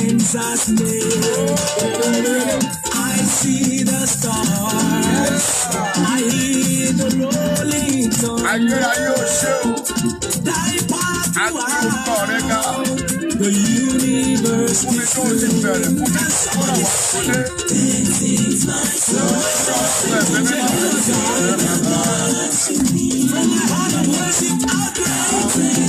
are still. I see the stars. I hear the rolling thunder. Ayúdá yóò ṣe o. Àtúntò rẹ̀ ga. The universe Fúnmi tó ti bẹ̀rẹ̀ fún mi sọ́dọ̀ wá sílé. Lọ́jọ́ ìfẹ́ bẹ́ẹ̀ From my heart of worship, I'll pray.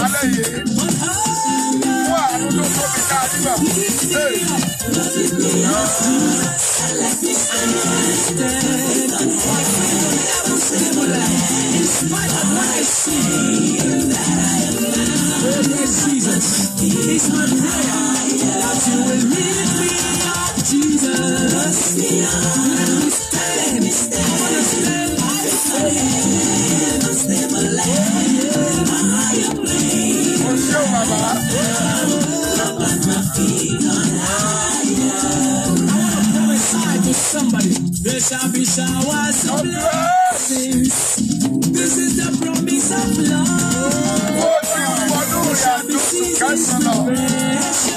lálẹ́ yìí. Fún àánú tó tóbi náà nígbà. Jesus, it's my prayer that you will lift me up, Jesus. we shall be showers of blessings. This is the promise of love. We shall be seasons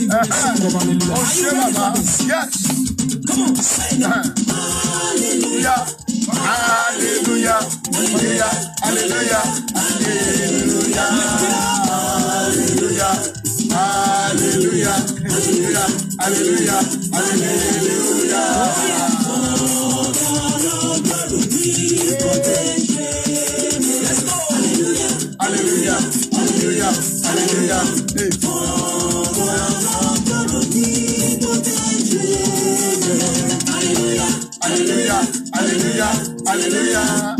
Hallelujah! ọba mi lọ. ọ̀ṣẹ́ bàbá yes. hallelujah hallelujah hallelujah hallelujah hallelujah hallelujah hallelujah hallelujah hallelujah hallelujah. Hallelujah, hallelujah, hallelujah. Hallelujah! Hey. hallelujah, hallelujah.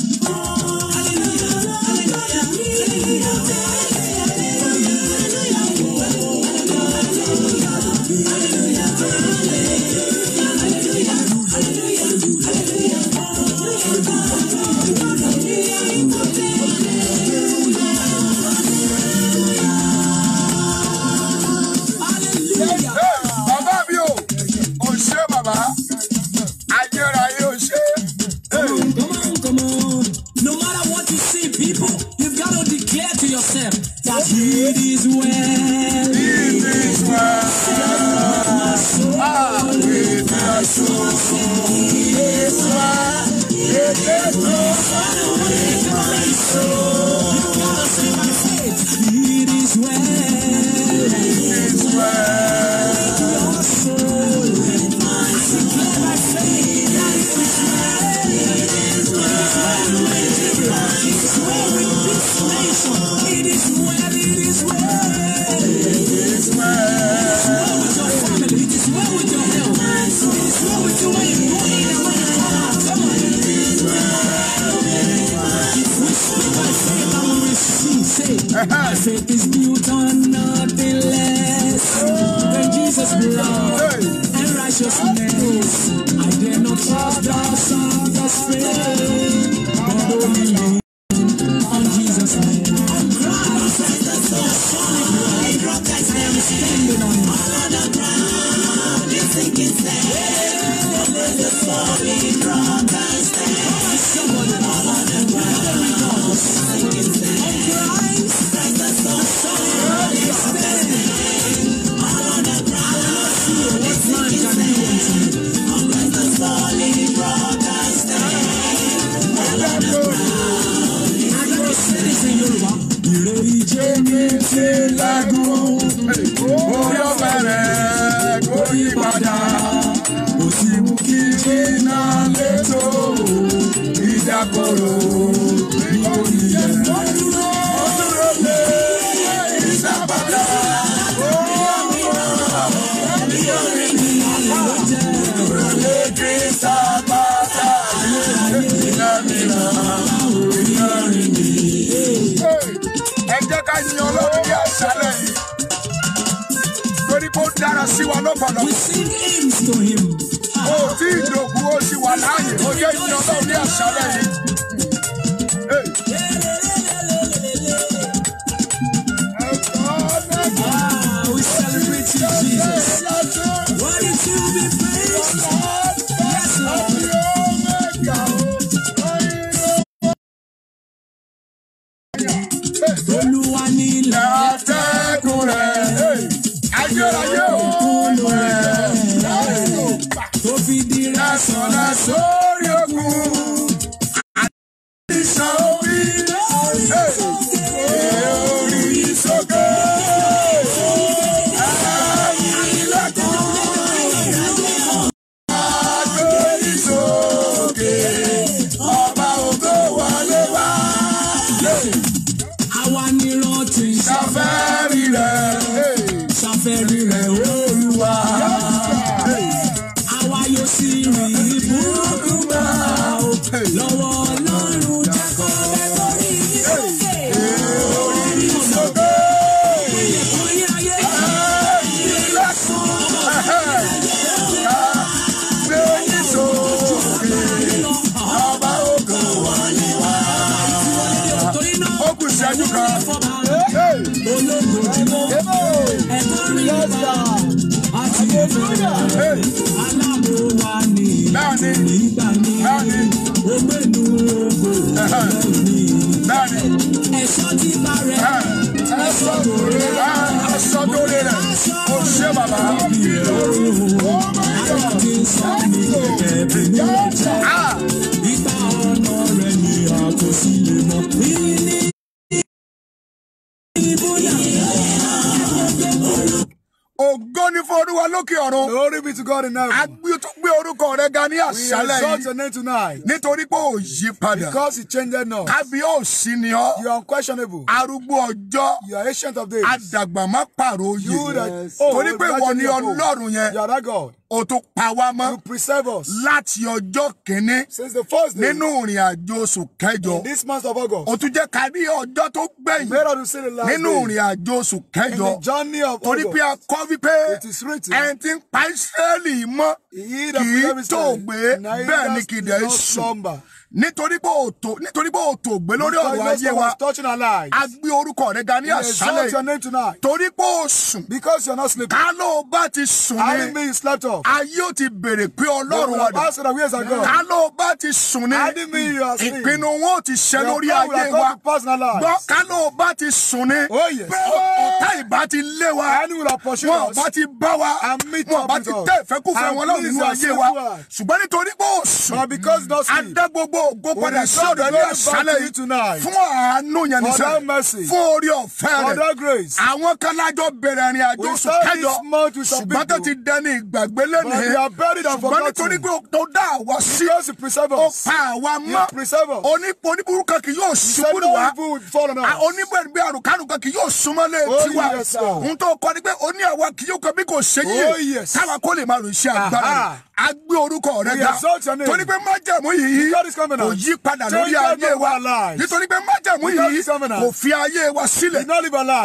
máa ṣí wa lọ́pọ̀lọpọ̀. we sing hymns to him. o tí ìdòkú ó ṣì wà láàyè ó jẹ́ ìjọba ní àṣálẹ́ yìí. ọ̀run. glory be to God in heaven. agbẹ́túgbé orúkọ rẹ ga ní àṣálẹ́ yìí. we exalt your name tonight. nítorí pé o yí padà. because he changed now. kábí ó sì ni ọ́. you are unquestionable. arúgbó ọjọ́. you are ancient of days. àdàgbà má oyè. you are the torí oh, pé wọ́n ní ọlọ́run yẹn. you are that God o tún pa wá mọ́. you preserve us. láti ọjọ́ kìíní. since the first day. nínú ìrìn àjò oṣù kẹjọ. in this month of August. o tún jẹ́ ká ọjọ́ tó gbẹ̀yìn. made us to see the last day. nínú ìrìn àjò oṣù kẹjọ. in the journey of August. torí pé a kọ́ wípé. it is written. ẹni tí ń pa Ísírẹ́lì mọ́. kì í tó gbé bẹ́ẹ̀ ni kì í sùn nítorí pé òtò nítorí pé òtò gbé lórí ọ̀rọ̀ ayé wa a gbé orúkọ rẹ ga ní àṣálẹ́ torí pé o sùn ká ló bá ti sùn ní ayé ò ti bèrè pé ọlọ́run wa dùn ká ló bá ti sùn ní ìpinnu wọn ò ti ṣẹ lórí ayé wa gbọ́ ká ló bá ti sùn ní oh, ọ̀tá ìbá ti lé wa wọn bá ti bá wa wọn bá ti tẹ̀ fẹ́ kúfẹ́ wọn lọ́wọ́ nínú ayé wa ṣùgbọ́n nítorí pé o sùn adá gbogbo wo ògo padà sí ọ̀dọ̀ ní àṣálẹ̀ yìí fún àánú yẹn ní sẹ́yìn fún orí ọ̀fẹ́ rẹ̀ àwọn kan lájọ bẹ̀rẹ̀ ìrìn àjò oṣù kẹjọ ṣùgbọ́n tó ti dẹni ìgbàgbé lẹ́nìí ṣùgbọ́n nítorí pé tó dá àwa sí ó pa àwa mọ́ oníburú kan kì yóò ṣubú ni wá onígbẹ̀gbẹ̀ àrùkárù kan kì yóò súnmọ́ lé oh, tiwa n tó kọ́ ni pé ó ní àwa kì yóò kọ́ bí kò ṣe yíyẹ oh, káwa kó lè máa rò iṣẹ́ agbára a gbé orúkọ rẹ ga torí pé májẹ̀mú yìí kò yí padà lórí ayé wa nítorí pé májẹ̀mú yìí kò fi ayé wa sílẹ̀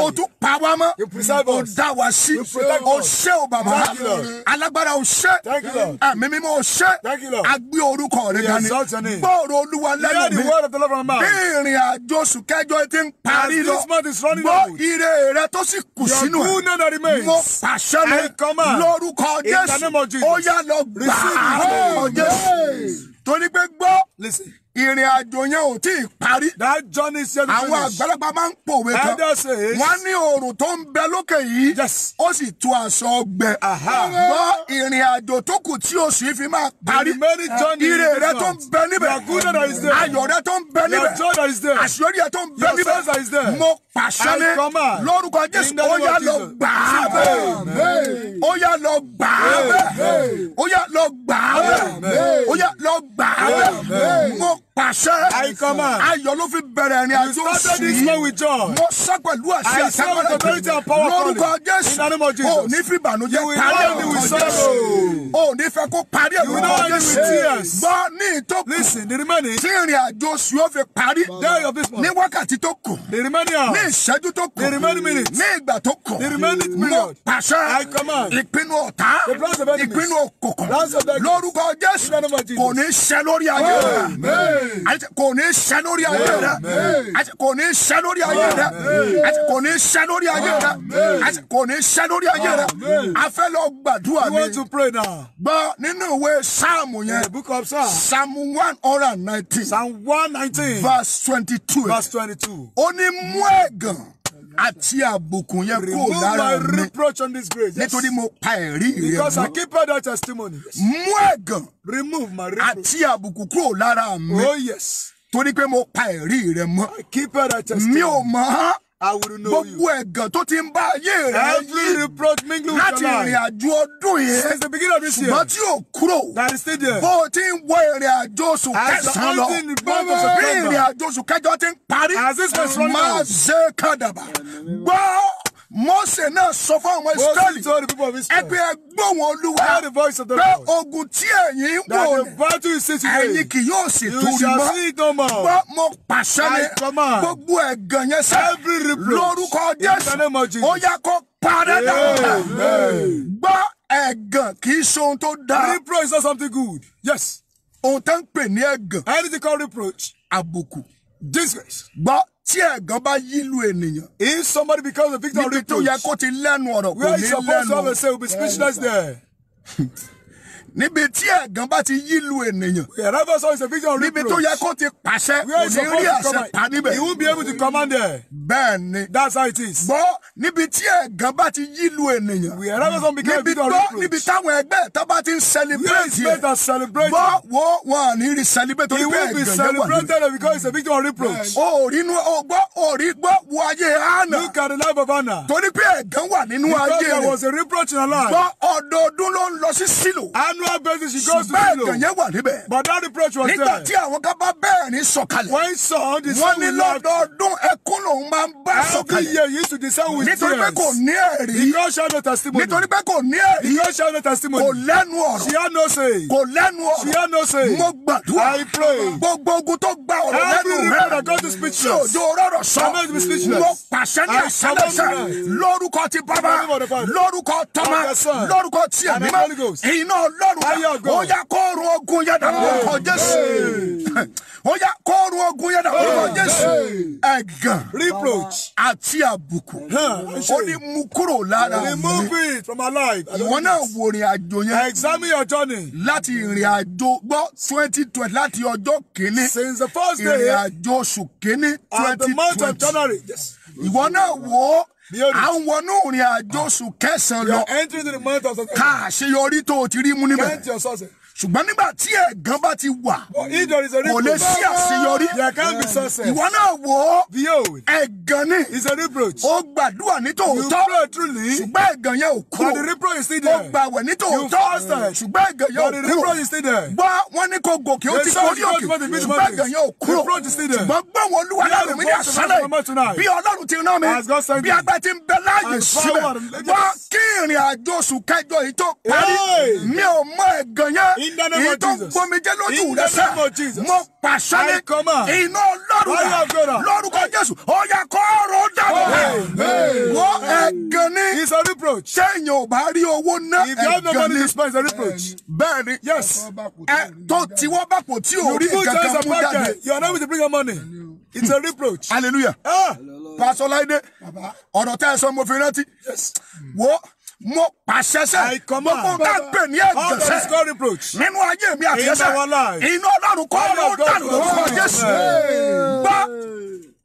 o tún pa wá mọ́ o dá wa sí o ṣé o bàbá alágbára o ṣé ẹ̀mí mímọ́ o ṣé agbé orúkọ rẹ̀ dání gbọ́ọ̀rọ̀ olúwa lẹ́nu mi bí ìrìn àjò oṣù kẹjọ ti ń parí lọ gbọ́ ire rẹ tó sì kù sínú ẹ̀ mo pàṣẹ rẹ lórúkọ Jésù ó yá lọ gbà á lórúkọ Jésù torí pé gbọ́ ìrìn àjò yẹn ò tí ì parí. that journey is yet to finish. àwọn àgbàlagbà máa ń pòwe kan. ẹ̀dá ṣe é. wọ́n ní oòrùn tó ń bẹ lókè yìí. yes. ó sì tu aṣọ ọgbẹ. gbọ́ ìrìn àjò tó kù tí oṣù yìí fi máa parí. the many journey is different. ire rẹ tó ń bẹ níbẹ̀. your good that is there. ayọ̀ rẹ tó ń bẹ níbẹ̀. your joy that is àṣeyọrí rẹ tó ń bẹ níbẹ̀. mo pàṣẹ ní lórúkọ Jésù ó yá lọ gbà á. ó yá lọ gbà á. àṣẹ. I command. Ayọ̀ ló fi bẹ̀rẹ̀ ìrìn àjò sí. You started this one with joy. Mo sá pẹ̀lú àṣẹ àtàwọn. I serve with authority and power calling. Lórúkọ Jésù. O ní fi ìbànújẹ́ parí ẹ̀rọ Jésù. O ní fẹ́ kó parí ẹ̀rọ Jésù. You know how you with tears. Gbọ́ ní ìtòkù. Listen, the remaining. Tí ìrìn àjò sí ó fi parí. Day of this month. Ní wákàtí tó kù. The remaining hour. Ní ìṣẹ́jú tó kù. The remaining minute. Ní ìgbà tó kù. The remaining period. Mo pàṣẹ. I command. Ìpinnu ọ̀tá. The plans of enemies. Ìpinnu òkùnkùn. Plans of darkness. Lórúkọ Jésù. the name of Jesus. Kò ní ṣẹ lórí ayé rẹ̀. Amen kò ní ṣẹ lórí ayé rẹ kò ní ṣẹ lórí ayé rẹ kò ní ṣẹ lórí ayé rẹ kò ní ṣẹ lórí ayé rẹ a fẹ́ lọ gbàdúrà ni gbọ́ nínú ìwé sáàmù yẹn sáàmù one hundred and nineteen verse twenty two ó ní mú ẹ̀gàn àti àbùkù yẹn kúrò lára mi nítorí mo pa ẹ̀rí rẹ mọ́. because I keep all that testimony. mú ẹ̀gàn àti àbùkù kúrò lára mi. oh yes. torí pé mo pa ẹ̀rí rẹ mọ́. I keep all that testimony. mi ò mọ̀ I will know you. Gbogbo ẹ̀gàn tó ti ń bá ayé rẹ̀ yí. Every reproach mingled with your life. Láti ìrìn àjò ọdún yẹn. Since the beginning of this year. Ṣùgbọ́n tí ò kúrò. Bó o ti ń wọ ìrìn àjò oṣù kẹsàn-án lọ. Bí ìrìn àjò oṣù kẹjọ ti ń parí. As ṣe kádàbà. Gbọ́. Mose náà sọ fún àwọn Israẹli ẹgbẹ́ gbóhùn Olúwa pé ogun tí ẹ̀yin ń wò ẹ̀yin kì yóò sì túrí mọ́ gbọ́ mo pàṣẹ ni gbogbo ẹ̀gàn yẹn sẹ́ lórúkọ Jésù ó yá kó parẹ́ dàgbà gbọ́ ẹ̀gàn kì í ṣe ohun tó dáa. reproach is not something good. yes. ohun tó ń pè ní ẹ̀gàn. anything called reproach. àbùkù. disgrace. gbọ́ tí ẹ̀gàn bá yílu ènìyàn. if somebody becomes a victim of reproach. níbi tó yẹ kó ti lẹ́nu ọ̀rọ̀ kò ní lẹ́nu. where he suppose to have a say will be speechless there. níbi tí ẹ̀gàn bá ti yí lu ènìyàn. wherever someone is a victim of reproach. níbi tó yẹ kó ti pàṣẹ. where is supposed to níbẹ̀. he won't be able to command there. bẹ́ẹ̀ ni. that's how it is. gbọ́ níbi tí ẹ̀gàn bá ti yí lu ènìyàn. wherever someone became a victim of reproach. níbi táwọn ẹgbẹ́ tó bá ti ń celebrate. where is faith and celebration. gbọ́ wo wọn à ní rí celebrate. he will be celebrated because he a victim of reproach. o rí inú o gbọ́ o rí gbọ́ wo look at the life of Hannah. torí pé ẹ̀gàn wà nínú because there was a reproach in her life. gbọ́ ọdọọdún ló ń lọ regular basis she goes to the lord. ṣùgbọ́n wà níbẹ̀. but that reproach was there. nígbà tí àwọn kan bá bẹ́ẹ̀ ní sọ̀kalẹ̀. when son the son will laugh. wọ́n ní lọ́dọọdún ẹkún lòun máa ń bá sọ̀kalẹ̀. every year used to descend with tears. nítorí pé kò ní ẹ̀rí. he don share no testimony. nítorí pé kò ní ẹ̀rí. he don share no testimony. kò lẹ́nu ọ̀rọ̀. she had no say. kò lẹ́nu ọ̀rọ̀. she had no say. mo gbàdúrà. I pray. gbogbo ogun tó gba ọ̀rọ̀ lẹ́nu rẹ̀. every word that I must dàrú ó yá kóòrùn ogun yá dàrú lórúkọ jésù ó yá kóòrùn ogun yá dàrú lórúkọ jésù ẹ̀gàn àti àbùkù ó ní mú kúrò lára mi ìwọ náà wo ìrìn àjò yẹn examine your journey láti ìrìn àjò gbọ́ twenty twenty láti ọjọ́ kìíní ìrìn àjò oṣù kìíní twenty twenty ìwọ náà wò ó à ń wọnú ìrìn àjò ah. oṣù kẹsàn-án lọ ká àṣeyọrí tó o ti rí mú níbẹ̀ ṣùgbọ́n nígbà tí ẹ̀gán bá ti wà oh, kò lè sí àṣeyọrí ìwọ náà wò ó ẹ̀gán ni ó gbàdúrà ní tòótọ́ ṣùgbọ́n ẹ̀gán yẹn ò kúrò ó gbàwẹ̀ ní tòótọ́ ṣùgbọ́n ẹ̀gán yẹn ò kúrò gbọ́ wọn ní kò gòkè ó ti kórí òkè ṣùgbọ́n ẹ̀gán yẹn ò kúrò ṣùgbọ́n gbọ́n wọn olúwa láàrú mi ní àṣálẹ̀ bí ọlọ́run ti rán mi bí agbá ti ń bẹ láàyè síbẹ̀ wọ́n kí ìrìn àjò oṣù kẹjọ yìí tó parí mi ò mọ ẹ̀gán yẹn èyí tó gbomi jẹ́ lójú rẹ sẹ́ mo pàṣẹ ní iná ọlọ́run lórúkọ Jésù ó yá kọ́ ọ̀rọ̀ dàbọ̀ wọ́n ẹ̀gàn ní sẹ́yìn ò bá rí owó ná ẹ̀gàn ní bẹ́ẹ̀ ni tó tiwọ́ bàpò tí ò rí ìgàgà mú jáde. It's a reproach. Hallelujah. Ah, Pastor Laide, ọ̀rọ̀ tẹ́ ẹ sọ mo fi rántí. Wo mo pàṣẹ sẹ mo kún ká pè ní ẹgbẹsẹ nínú ayé mi àti ẹsẹ iná Ọlọ́run kọ ló dànù lórúkọ Jésù gbọ́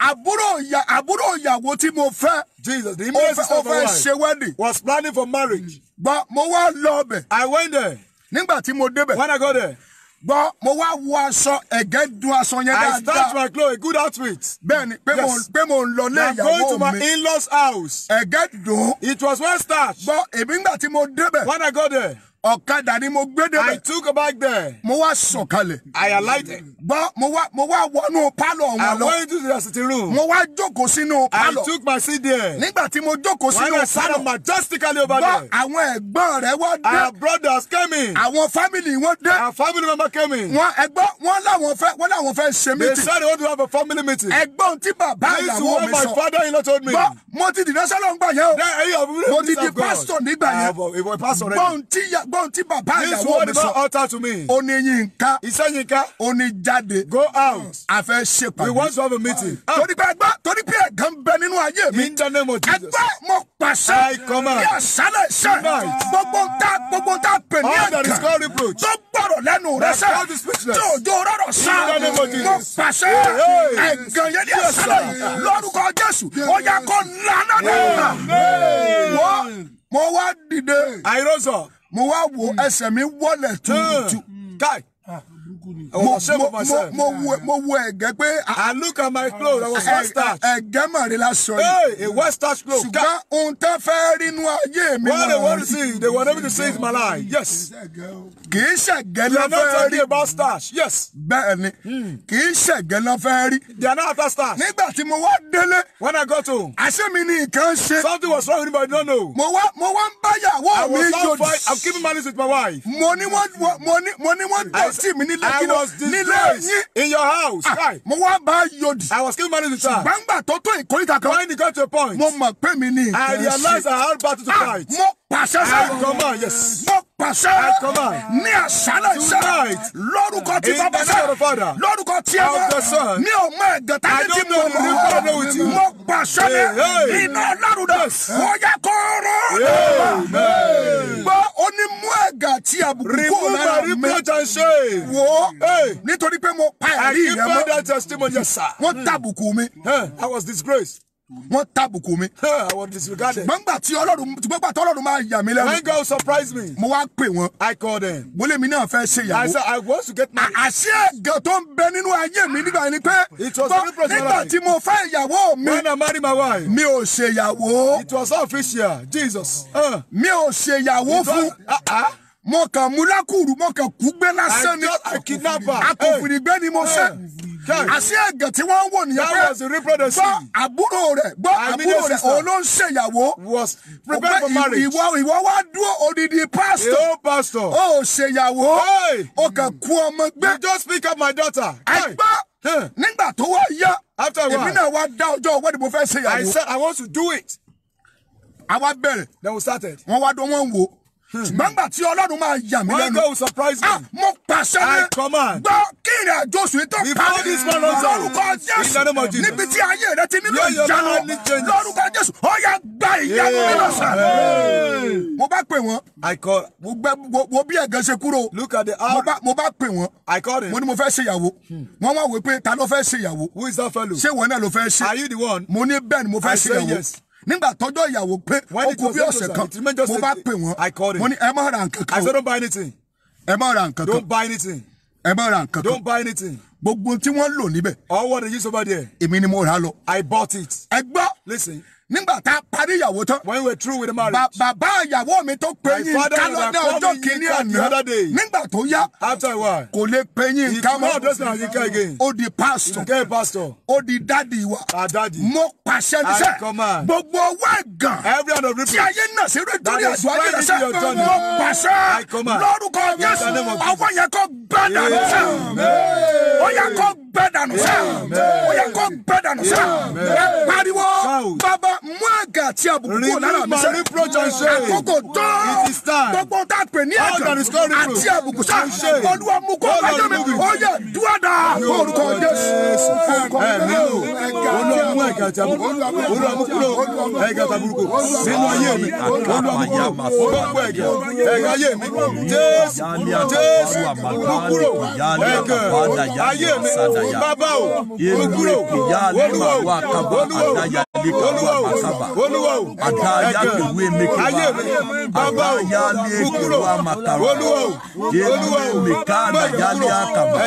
àbúrò ìyá àbúrò ìyàwó tí mo fẹ́ Jesus the immediate sister of my wife wedding, was planning for marriage. gbọ́ mo wá lọ ọbẹ̀. I went there. nígbà tí mo débẹ̀. when I go there gbọ́ mo wá wọ aṣọ ẹ̀gẹ́ dun aṣọ yẹn dáadáa. I start my clothes a good outfit. bẹ́ẹ̀ni pé mo pé mo ń lọ lé ìyàwó mi. I'm going to my in-laws house. ẹ̀gẹ́ dùn. it was well start. gbọ́ èmi ngbà tí mo débẹ̀. when I go there ọ̀kadà ni mo gbé débẹ̀. I took a back there. mo wá sọ̀kalẹ̀. I alighted. gbọ́ mo wá mo wá wọnú pálọ̀ wọn lọ. I went into the sitting room. mo wá jókòó sínú pálọ̀. I took my seat there. nígbà tí mo jókòó sínú pálọ̀. when I sat majestically over there. gbọ́ àwọn ẹ̀gbọ́n rẹ̀ wọ́n dé. our brothers came in. àwọn family wọn dé. our family member came in. wọ́n ẹgbọ́ wọ́n láwọn fẹ́ wọ́n láwọn fẹ́ ṣe meeting. they said they want to have a family meeting. ẹ̀gbọ́n tí bàbá ìyàwó mi sọ. this my father-in-law told me gbọ́ tí bàbá ìyàwó mi sọ. this word is not utter to me. ó ní Yínká. iṣẹ́ Yínká. ó go out. a fẹ́ ṣèpàdé. we want to have a meeting. Ah. torí pé ẹgbẹ́ torí pé ẹ̀gán bẹ nínú ayé mi. in the name of Jesus. ẹgbẹ́ mo pàṣẹ. I command. bí àṣálẹ̀ ṣe. gbogbo ta gbogbo ta pè ní ẹ̀gán. all that is called reproach. tó gbọ́dọ̀ lẹ́nu rẹ sẹ́. tó jọ rọrọ̀ sá. in the name of Jesus. mo pàṣẹ. ẹ̀gán yẹn ní àṣálẹ̀ yìí. lórúkọ Jésù. ó yà kó lánàá náà. wọ́n mo wá dìde. I rose mo wá wò hmm. ẹsẹ̀ mi wọlẹ̀ hmm. tuurutu mo wo mo wo ẹ̀gẹ́ pé. I look at my clothes I was well starched. ẹ̀gẹ́ màrí la sọ yìí. Hey, a well starched cloth. ṣùgbọ́n ohun tá fẹ́ rí inú ayé mi. What they want to see they want me to see is my life. Yes. kì í ṣẹ̀gẹ́ lọ fẹ́ rí. They are not talking about starch. Yes. Bẹ́ẹ̀ni hmm. kì í ṣẹ̀gẹ́ lọ fẹ́ rí. They are not after starch. Nígbà tí mo wá délé. When I got home. àṣé mi ni nǹkan ṣe. Something was wrong with me but I don't know. Mo wá mo wá ń báyàwó mi jòdì. I was not fine. I'm keeping malice with my wife. Mo ní wọ́n mo ní wọ́n dọ̀tí mi ní lẹ́kìnà was disgraced in your house. Ah, mo wá bá yodi. I was given money the charge. ṣùgbọ́n gbà tó tó ìkórìtà kan. when it got to a point. mo mọ̀ pé mi ni. I realized I had battle to ah, fight pàṣẹ sẹ mo pàṣẹ ní àṣálẹ́ sẹ lórúkọ tí bàbá sẹ lórúkọ tí ẹ bá mi ò I don't know tí mo mọ mo pàṣẹ ní iná ọlọ́run náà ó yẹ kó rọrùn gbọ́ onímú ẹ̀gà tí àbùkù kò lára mi wò ó nítorí pé mo pa ẹ̀rí rẹ mọ́ wọ́n tàbùkù mi. I was disgraced wọ́n tàbùkù mi. I was disregarded. gbọ́ngbà tí ọlọ́run gbọ́ngbà tí ọlọ́run máa yà mí lẹ́nu. When God surprised me. mo wá pè wọ́n. I called them. mo lè mi náà fẹ́ ṣe ìyàwó. I said I want to get married. àṣé ẹ̀gàn tó ń bẹ nínú ayé mi nígbà yẹn ni pé. It was very personal. nígbà tí mo fẹ́ ìyàwó mi. When I marry my wife. mi ò ṣe ìyàwó. It was official Jesus. mi ò ṣe ìyàwó fún uh-uh. mo kàn mú lákùrú mo kàn kú gbé lásán ni akùnfìdígbé ni mo ṣe àṣé ẹ̀gẹ̀ tí wọ́n ń wò nìyẹn pé gbọ́ àbúrò rẹ̀ gbọ́ àbúrò rẹ̀ òun ló ń ṣèyàwó ìwọ ìwọ wá dúró odidi pásítọ̀ ó ṣèyàwó ó kàn kú ọmọ gbé. you just pick up my daughter. ẹgbẹ́ nígbà tó wá yá èmi náà wá dá ọjọ́ wẹ́ẹ̀dì mo fẹ́ ṣe I said I want to do it. a wá bẹ̀rẹ̀. then we started. wọ́n wá dán wọ́n wò. Hmm. ṣùgbọ́n nígbà tí Ọlọ́run máa yà mí lẹ́nu. wọ́n go surprise ah, me. ah mo pàṣẹ I command. gbọ́ ìrìn àjò oṣù yìí tó parí lórúkọ Jésù níbi tí ayé rẹ ti nílò ìjánu lórúkọ Jésù ó yá gba ìyanu mi lọ́sàn. mo bá pè wọ́n. I call. mo gbẹ wo bí ẹ̀gẹ́ ṣe kúrò. Look at the hour. mo bá pè wọ́n. I call him. mo ní mo fẹ́ ṣe ìyàwó. Hmm. wọ́n wá wò pé ta ló fẹ́ ṣe ìyàwó. Who is that fellow? ṣé ìwọ náà ló fẹ́ ṣe. Are you the one? mo ní bẹ́ẹ̀ ni mo fẹ́ ṣe ìyàwó. I say yes nígbà tọjọ́ ìyàwó pé ó kù bí ọ̀sẹ̀ kan mo bá pè wọ́n mo ní ẹ má ra nǹkan kan o ẹ má ra nǹkan ẹ bá ra nǹkan kan. don't buy anything. gbogbo tí wọ́n lò níbẹ̀. all what they use over there. èmi ni mo rà á lọ. I bought it. ẹ gbọ́. listen nígbà tá a parí ìyàwó tán. when we through with the marriage. bàbá ìyàwó mi tó pé yín kálọ̀ ní ọjọ́ kìíní àná nígbà tó yá. after a while. kò lè pé yín he come out just now he came again. ó di pastor. he became pastor. ó di dadi wa. our daddy. mo pàṣẹ níṣẹ́. i command. gbogbo owó ẹ̀gàn. every hand of ripple. tí ayé náà ṣe rí torí ẹ̀sùn ayé ẹ̀sẹ̀. mo pàṣẹ. i command. lórúkọ Jésù ọwọ́ yẹn kó gbẹ́dà níṣẹ́. ó yẹ kó bẹ́ dànù sá ó yẹ kó bẹ́ dànù sá ẹ pariwo bàbá mú àgà àti àbùkù kúrò lára mi sẹ́ àkókò tó gbogbo tá a pè ní àgà àti àbùkù sá olúwa mú kó bàjẹ́ mi ó yẹ dúwàdà orúkọ jésù ẹ̀mí o olúwa mú àgà àti àbùkù olúwa mú kúrò àgà àti àbùkù nínú ayé mi olúwa mú kúrò olúwa mú àgà ẹ̀ka ayé mi jésù jésù mú kúrò ẹ̀ka ayé mi adaya yemure kiyalima wa kaba adaya leka wa masaba adaya kewe meke wa adaya leke wa matara yemure meka adaya le akaba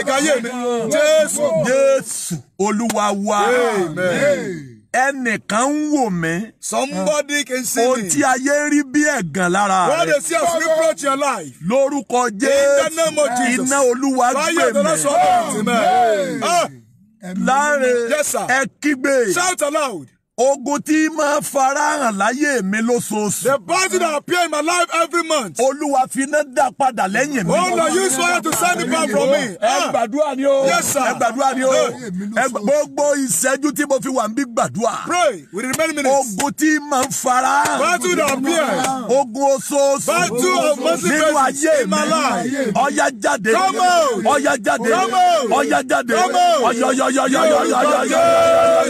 Jésù Olúwa wa. Amen. Amen. ẹnìkan ń wò mí. somebody can see me. tí ayé rí bí ẹ̀gàn lára they see iná olúwa gbé mi. Ogun tí máa farahàn láyé mi lóṣooṣù. The battle that appear in my life every month. Olúwa finá dá padà lẹ́yìn mi. Oh Lord, use fire to send it back from me. Ẹ ah. gbàdúrà ni o. Yes sir. Ẹ gbàdúrà ni o. Gbogbo ìṣẹ́jú tí mo fi wà ń bí gbàdúrà. Pray with the many minutes. Ogun tí máa farahàn. Battle that appear. Ogun oṣooṣù. Battle of monthly basis nínú ayé mi. Ọya jáde. Come on. Ọya jáde. Come on. Ọya jáde. Come on. Ọyọyọyọyọyọyọyọ.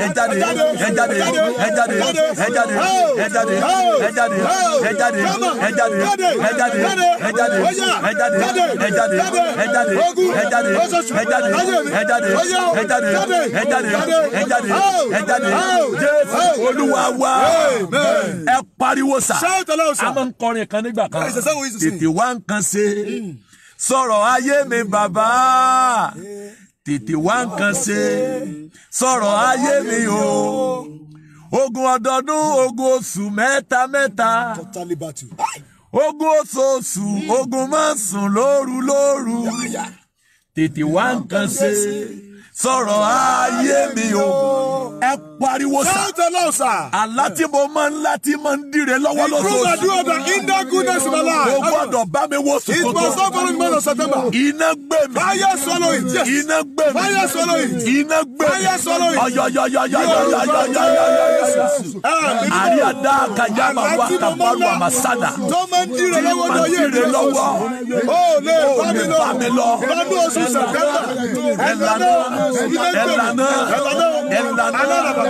ẹ jáde ẹ jáde ẹ jáde ẹ jáde ẹ jáde ẹ jáde ẹ jáde ẹ jáde ẹ jáde ẹ jáde ẹ jáde ẹ jáde ẹ jáde ogun ẹ jáde ẹ jáde ẹ jáde ẹ jáde ẹ jáde ẹ jáde ẹ jáde jésù olúwa wa ẹ pariwo sa a máa ń kọrin kan nígbà kan tètè wá nǹkan ṣe sọ̀rọ̀ ayé mi bàbá tètè wá nǹkan ṣe sọ̀rọ̀ ayé mi o ogun ọdọọdún ogun oṣù mẹ́ta mẹ́ta ogun oṣooṣù ogun mọ́sùn lóru lóru tètè wá nǹkan ṣe sọ̀rọ̀ ayé mi o pariwo sa. Tell the Lord, sir. Àlá tí mo máa ń lá tí máa ń dire lọ́wọ́ lọ́sọ̀ọ́sì. Improve and do other in that goodness in the life. O gbọ́dọ̀ bá mi wo sòkòtò. It must not follow me man September. Iná gbé mi. Fire swallow it. Yes. Iná gbé mi. Fire swallow it. Iná gbé mi. Fire swallow it. Ọ̀yọ̀yọ̀yọ̀yọ̀yọ̀yọ̀yọ̀yọ̀yọ̀. Àrí àdá àkàjá máa wá kàmárù àmàsádà. Tó máa ń dire lọ́wọ́ lọ yé mi lọ́wọ́. O lè bá mi lọ. Bá mi lọ. Bá mi oṣù September. Ẹ̀lànà. Ẹ̀lànà. Ẹ̀lànà. Ẹ̀lànà.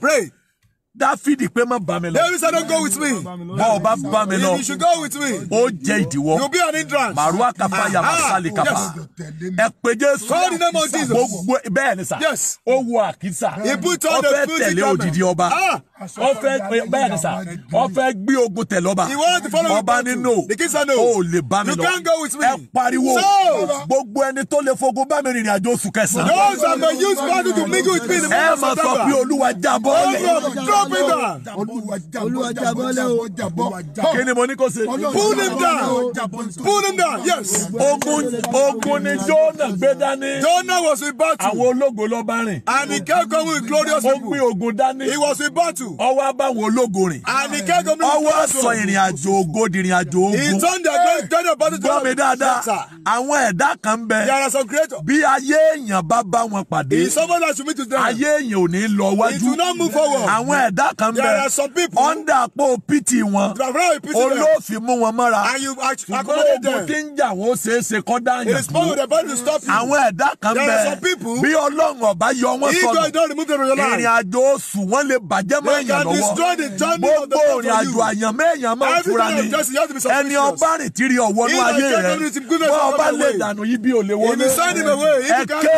Pray. That pé the payment mi lọ. David said don't go with me. Bọ́ ọba bá You should go with me. Ó jẹ ìdíwọ́. You'll be an entrance. Marua kàfá yàrá ah, ah, sálì kàfá. Ẹ pé Jésù. Call the name of Jesus. Gbogbo bẹ́ẹ̀ ni sà. Yes. Ó wo àkísà. He put on the filthy garment. Ó fẹ́ tẹ̀lé ọfẹ bẹ́ẹ̀ ni sa ọfẹ gbé ogun tẹ lọba ọba ni no o lè bá mi lọ ẹ pariwo gbogbo ẹni tó lè fogun bá mi rìnrìn àjò oṣù kẹsàn-án ẹ máa sọ pé olúwa jábọ́ lẹ̀ olúwa jábọ́ lẹ̀ o kí ni mo ní kó ṣe. pull him down pull him down yes. ogun ogun ni Jonah gbé dání. Jonah was in battle. àwọn ológo lọ bá rìn. and he kept going with glorious people. ó gbé ogun dání. he was in battle battle. ọwọ́ abáwọn ológo rìn. and he kept opening the battle. ọwọ́ sọ ìrìn àjò ògo di ìrìn àjò ogun. he turned the great turn of battle to battle. gbọ́ mi dáadáa àwọn ẹ̀dá kan bẹ. there are some creators. bí ayé èèyàn bá bá wọn pàdé. he is someone that ayé èèyàn ò ní lọ wájú. it will not move forward. àwọn ẹ̀dá kan bẹ. there are some people. under àpò pìtì wọn. the very them. olóòfin mú and you accommodate them. ṣùgbọ́n ogun tí ń jà wọ́n ṣe é ṣe kọ́ dáhùn. it is more with the body to stop you. àwọn ẹ̀dá kan bẹ. there are some people. bí ọlọ́run ọba yọ wọn your life èèyàn lọ́wọ́ gbogbo òrìn àjò àyànmọ́ èèyàn máa ń fura ni ẹni ọba rìn tìrì ọ̀wọ́ ní ayé rẹ bọ́ ọba lè dànù yìí bí òlewọ́ ní ẹ̀kẹ́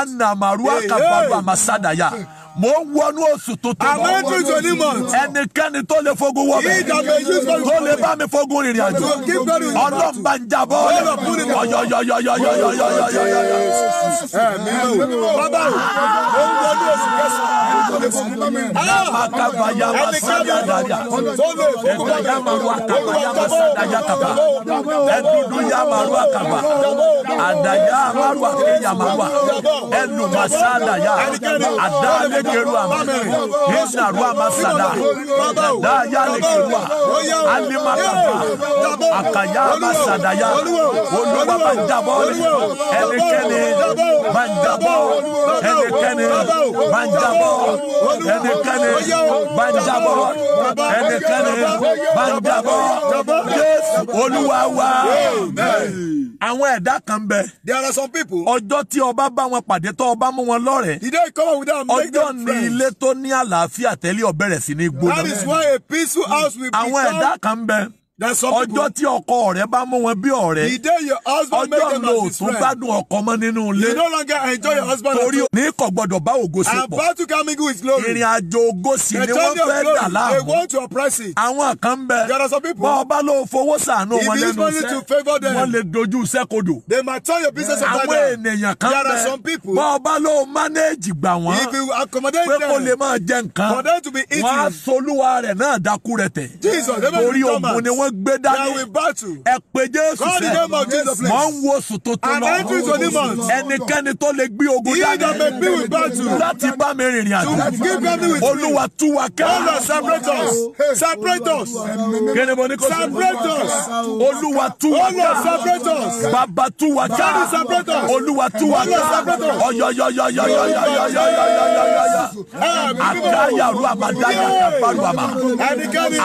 anamaru akabalu amasadaya mo ń wọnú oṣù tuntun. àmọ́ ètò ìjọni mọ̀. ẹnikẹ́ni tó lè fogun wọ bẹ́ẹ̀. ìjàmbá ìlú ìfọ̀rọ̀. tó lè bá mi fogun rìnrìn àjò. ọlọ́mba ń jabọ́ rẹ̀. ọ̀yọ̀yọ̀yọ̀yọ̀yọ̀yọ̀yọ̀yọ̀. bàbá o mo ń wọnú oṣù kẹsàn-án. alábàkàbà yàrá sàdáyà. ẹ̀ka yàrá wa kàbà yàrá sàdáyà kàbà. ẹ̀dúdú yàrá wa kàbà. àdàyà àmàlù àkéyàmàlù à. ẹlùmọ̀sádàyà. àdáyà ekerua yesna rua masada da ya akaya ya wa àwọn ẹ̀dá kan there are some people. ọjọ́ tí make Ọlọ́run ilé tó ní àlàáfíà tẹ́lẹ̀ ó sí ní gbóná. That is why a peaceful house will be. Àwọn ẹ̀dá kan bẹ ọjọ́ tí ọkọ rẹ bá mú wọn bí ọ̀rẹ́ ọjọ́ ló tún gbádùn ọkọ mọ́ nínú ilé torí ní kò gbọdọ̀ bá ògo sí pọ̀ ìrìn àjò ògo sì ni wọ́n fẹ́ dà láàmú àwọn kan bẹ bọ́ ọba ló fowó sànú wọn lẹ́nu iṣẹ́ wọ́n lè dojú iṣẹ́ kodò àwọn ènìyàn kan bẹ bọ́ ọba ló mánéèjì gbà wọ́n pé kó lè máa jẹ nǹkan wọ́n á solúwa rẹ̀ náà dákú rẹ̀ tẹ̀ torí ògùn ni wọ́n gbé dání. battle. ẹ pé Jésù sẹ́. God in the name of Jesus ń wo oṣù tuntun lọ. and entry to new month. ẹnikẹ́ni tó lè gbé ogun dání. may be with battle. láti bá mi rìnrìn àjò. to give me with me. Olúwa tú wa ká. Olúwa separate us. separate us. kíni mo ní kó sọ. separate us. Olúwa tú wa ká. Olúwa separate us. Bàbá tú wa Olúwa tú wa ká. àdáyàrú àbàdáyà kàfàrù àmà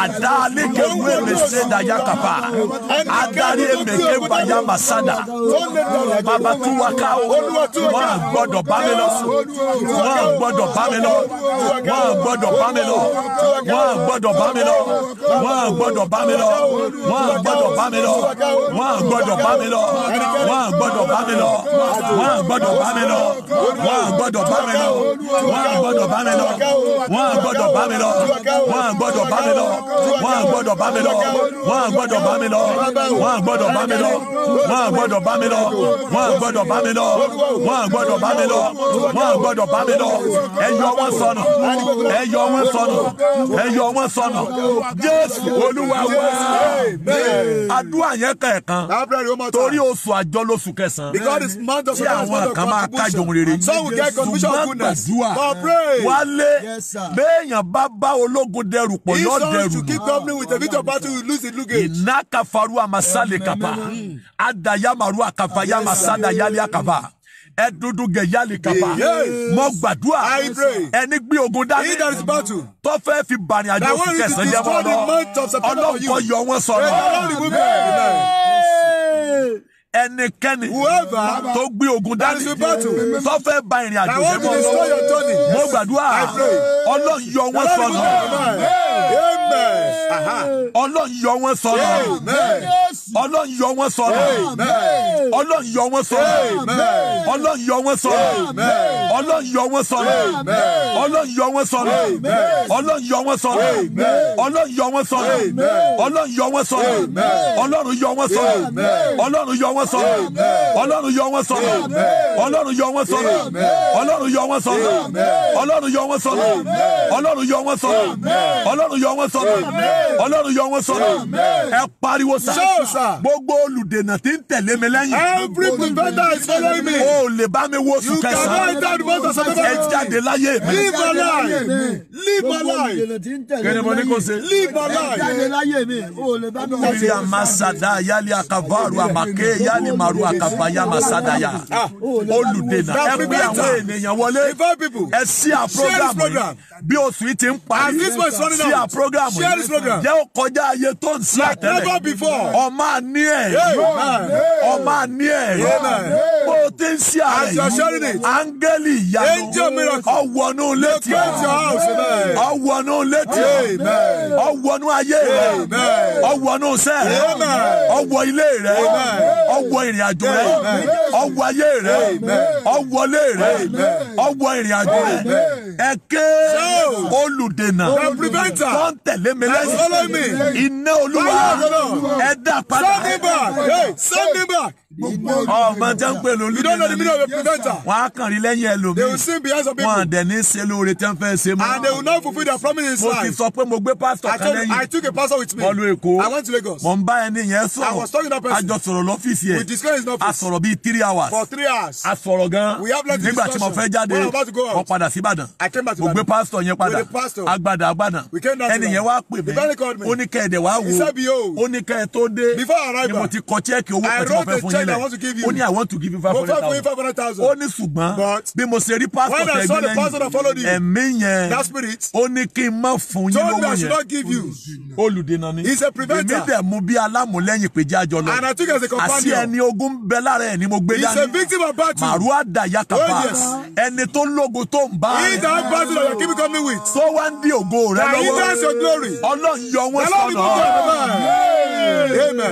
àdáyàlẹ́kẹ̀wé mi ṣẹ̀dá. Masada Yakapa, Adari Emeke Baya Masada, Baba Tuwaka, wọ́n á gbọ́dọ̀ bá mi lọ, wọ́n á gbọ́dọ̀ bá mi lọ, wọ́n á gbọ́dọ̀ bá mi lọ, wọ́n á gbọ́dọ̀ bá mi lọ, wọ́n á gbọ́dọ̀ bá mi lọ, wọ́n á gbọ́dọ̀ bá mi lọ, wọ́n á gbọ́dọ̀ bá mi lọ, wọ́n á gbọ́dọ̀ bá mi lọ, wọ́n á gbọ́dọ̀ bá mi lọ, wọ́n á gbọ́dọ̀ bá mi lọ, wọ́n á gbọ́dọ̀ bá mi lọ, wọ́n á gbọ́dọ̀ bá mi lọ, wọ́n á gbọ́dọ̀ bá mi lọ, wọ́n á gbọ́dọ̀ bá mi lọ wọ́n á gbọ́dọ̀ bá mi lọ wọ́n á gbọ́dọ̀ bá mi lọ wọ́n á gbọ́dọ̀ bá mi lọ wọ́n á gbọ́dọ̀ bá mi lọ wọ́n á gbọ́dọ̀ bá mi lọ wọ́n á gbọ́dọ̀ bá mi lọ ẹ yọ wọ́n sọnù ẹ yọ wọ́n sọnù ẹ yọ wọ́n sọnù Jésù Olúwa wa àdúrà yẹn kẹ̀kan torí oṣù àjọ lóṣù kẹsàn-án tí àwọn kan máa kájọ rere ṣùgbọ́n gbàdúrà wálé béèyàn bá bá ológun dẹrù pọ̀ yóò dẹrù ina kafarua masale kapa adaya marua kafaya masada yali akaba ẹdúdú gẹ̀yálì kaba mọ gbàdúrà ẹni gbé ogun dání tó fẹ́ fi bàrìn àjò òfin kẹsàn-án yẹ wọn lọ ọlọ́kọ̀ yọ wọn sọ̀rọ̀ ẹnikẹ́ni tó gbé ogun dání tó fẹ́ ba ìrìn àjò rẹ mọ́ lọ́wọ́ mo gbàdúrà ọlọ́run yọ wọ́n sọnù ọlọ́run yọ wọ́n sọ̀rọ̀ ọlọ́run yọ wọ́n sọ̀rọ̀ ọlọ́run yọ wọ́n sọ̀rọ̀ ọlọ́run yọ wọ́n sọ̀rọ̀ ọlọ́run yọ wọ́n sọ̀rọ̀ ọlọ́run yọ wọ́n sọ̀rọ̀ ọlọ́run yọ wọ́n sọ̀rọ̀ ọlọ́run yọ wọ́n sọ̀rọ̀ ọlọ́run yọ wọ́n sọ̀rọ̀ ọlọ́run yọ wọ́n sọ̀rọ̀ ọlọ́run yọ wọ́n sọ̀rọ̀ ọlọ́run yọ wọ́n sọ̀rọ̀ ọlọ́run yọ wọ́n sọ̀rọ̀ ọlọ́run yọ wọ́n sọ̀rọ̀ ọlọ́run yọ wọ́n sọ̀rọ̀ ọlọ́run yọ wọ́n sọ̀rọ̀ ọlọ́run yọ wọ́n sọ̀rọ̀ ọlọ́run yọ wọn sọ́nà ẹ pariwo sa gbogbo olùdènà tí ń tẹ̀lé mi lẹ́yìn. every preventer is following me. o lè bá mi wo sùn kẹsàn-án. you can find out what is happening. ẹ jáde láyé mi. live alive live alive. kẹ́ni mo ní kò ṣe. live alive. ẹ jáde láyé mi. o lè bá mi wo sùn. yali amasada yali akavaru amake yali maru akapa yamasada ya. olùdènà ẹ pé àwọn ènìyàn wọlé. ẹ sí à program yìí bí oṣù yìí ti ń parí. sí à program yìí jẹ́ ó kọjá ayé tó ń sí àtẹ́lẹ̀ ọmọ àní ẹ̀ ọmọ àní ẹ̀ bó o ti ń sí ààrẹ áńgẹ́lì ìyanu ọ̀wọ́nú létí ọ̀wọ́nú létí ọ̀wọ́nú ayé rẹ ọ̀wọ́nú sẹ́ rẹ ọ̀wọ́ ilé rẹ ọ̀wọ́ ìrìn àjò rẹ ọ̀wọ́ ayé rẹ ọ̀wọ́ ilé rẹ ọ̀wọ́ ìrìn àjò rẹ ẹ̀kẹ́ olùdènà tó Follow me. Inna Olúwa. Ẹ dá padà. Send me back. Send me back ọmọ tẹ́ ń pè lólu ní náà wọ́n á kàn rí lẹ́yìn ẹlòmíì wọ́n dẹ̀ ní ṣe lóore tẹ́ ń fẹ́ ṣe mọ́. mo ti sọ pé mo gbé pásítọ̀ kan lẹ́yìn bọ́ọ̀lù èkó mo ń bá ẹni yẹn sọ̀rọ̀ a jọ sọ̀rọ̀ lọ́fíìsì ẹ̀ a sọ̀rọ̀ bíi three hours a sọ̀rọ̀ gan nígbà tí mo fẹ́ jáde mo padà sí Ìbàdàn mo gbé pásítọ̀ yẹn padà agbada agbada ẹni yẹn wá pè mí ó ní kẹ́ ẹ̀dẹ̀ wá wò ó ní ẹ̀ tó dé ni mo ti kọ naira ó ní i want to give you five hundred thousand ó ní ṣùgbọ́n bí mo ṣe rí pastor tẹ̀gbẹ́ lẹ́yìn ẹ̀mí yẹn ó ní kí n má fún yín lówó yẹn olùdènà ni èmi dẹ̀ mú bí alámúlẹ́yìn pé jájọ lọ àti ẹni ogun bẹ lára ẹ̀ ni mo gbé dání màrú àdàyà tàpá oh, ẹni tó lógo tó ń bá rẹ̀ tó wá ń di ògo rẹ lọ́wọ́ ọlọ́run yọ wọn sọ̀nà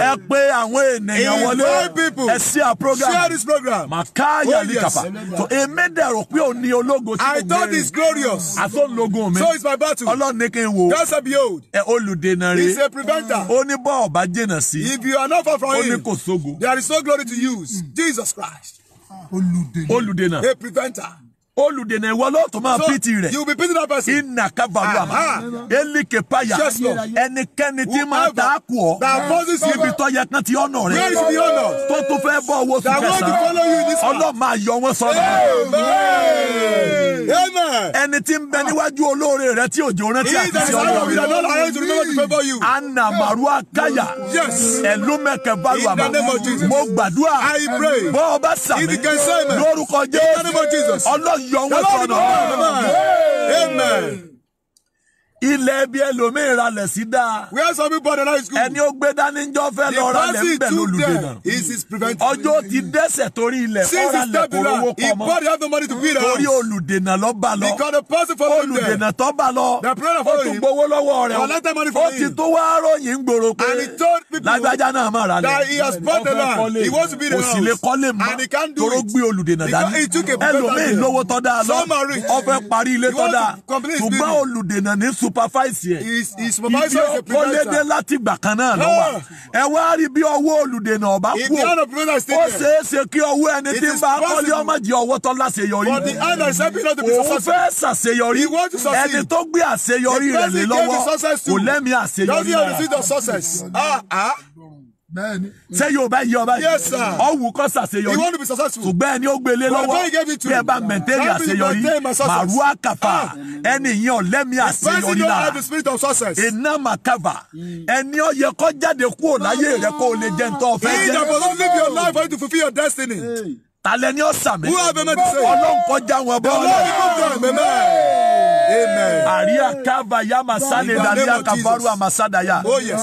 ẹ pé àwọn ènìyàn wọlé people. Ẹ ṣí a program. Share this program. Màkàyà oh, ní kàpà. So èmi dẹ̀rọ pé o ní ológo tí mo mẹ́rin. I thought it's glorious. Aso logun mi. So it's my battle. Ọlọ́run ní kí n wo. Just behold. Ẹ olùdènà He's a preventer. Ó ní bọ́ọ̀ bá jìnà sí. If you are not far from him. Ó ní kò sógo. There is no glory to use. Jesus Christ. Olùdènà. A preventer olùdènà ìwọ ló tún máa pìtì rẹ iná kábàlú àmà elike paya ẹnikẹ́ni tí máa ta kù ọ́ ibi tó yẹ kán ti ọ̀nà rẹ tó tún fẹ́ bọ́ owó tún kẹsàn-án ọlọ́run máa yọ wọn sọ́nà ẹni tí ń bẹ níwájú olóore rẹ tí òjò rántí àti ti ọlọ́run anna marua kaya ẹlúmẹkẹ balu àmà mo gbàdúrà bọ́ ọ bá sàmì lórúkọ jẹ́ ọlọ́run. yọ wọ́n sọnù. amen. ilẹ̀ bí ẹlòmíì ralẹ̀ sí dáa. where some people born another school. ẹni ó gbé dání jọ fẹ́ lọ ralẹ̀ ń bẹ̀ lólùgbé is his preventive. ọjọ́ ti dẹ́sẹ̀ torí ilẹ̀ ọ̀ralẹ̀ olówó kọ́mọ. he borrowed have no money to feed us. torí olùdènà lọ bá lọ. because the person follow him there. olùdènà tọ́ bá lọ. the ó tún gbowó lọ́wọ́ rẹ̀. money from him. ó ti tó wá ròyìn gbòòrò pé. he told people. lágbájá náà máa ralẹ̀. that he has bought the land. he wants to be the sì lè kọ́lé mọ́. and he can't do it. toró gbé olùdènà dání. ẹlòmíì lówó tọ́ dáa lọ. some are rich. ó fẹ́ parí ilé tọ́ dáa. ṣùgbọ́n olùdènà ní sup supervise yẹ. ìdí ọkọlédé láti gbà kan náà lọ wa ah! ẹ wá rí bí ọwọ́ olùdènà ọba kú ó ṣeé ṣe kí ọwọ́ ẹni tí ń bá kọ́lé ọmọ jẹ ọwọ́ tọ́ láṣeyọrí òun fẹ́ ṣàṣeyọrí ẹni tó gbé àṣeyọrí rẹ̀ lé lọ́wọ́ kò lẹ́mìí àṣeyọrí náà bẹ́ẹ̀ni ṣé yóò bá yí ọba yìí ọwù kọ ṣàṣeyọrí ṣùgbọ́n ẹni ó gbélé e lọ́wọ́ bí ẹ bá mẹ̀ntẹ́rì àṣeyọrí màrú àkàfà ah. ẹni yẹn ọ̀lẹ́mí àṣeyọrí lára iná màkàfà hmm. ẹni ó yẹ kó jáde kúrò láyé rẹ kó o lè jẹ ntọ́ fẹ́ jẹ. talẹ ni ọsàmì ọlọ́nkọjá wọn bọ́ọ̀lù. Amen. Àríyá kábà yá màsá lè dàrí àkàbárù àmàsádà yá.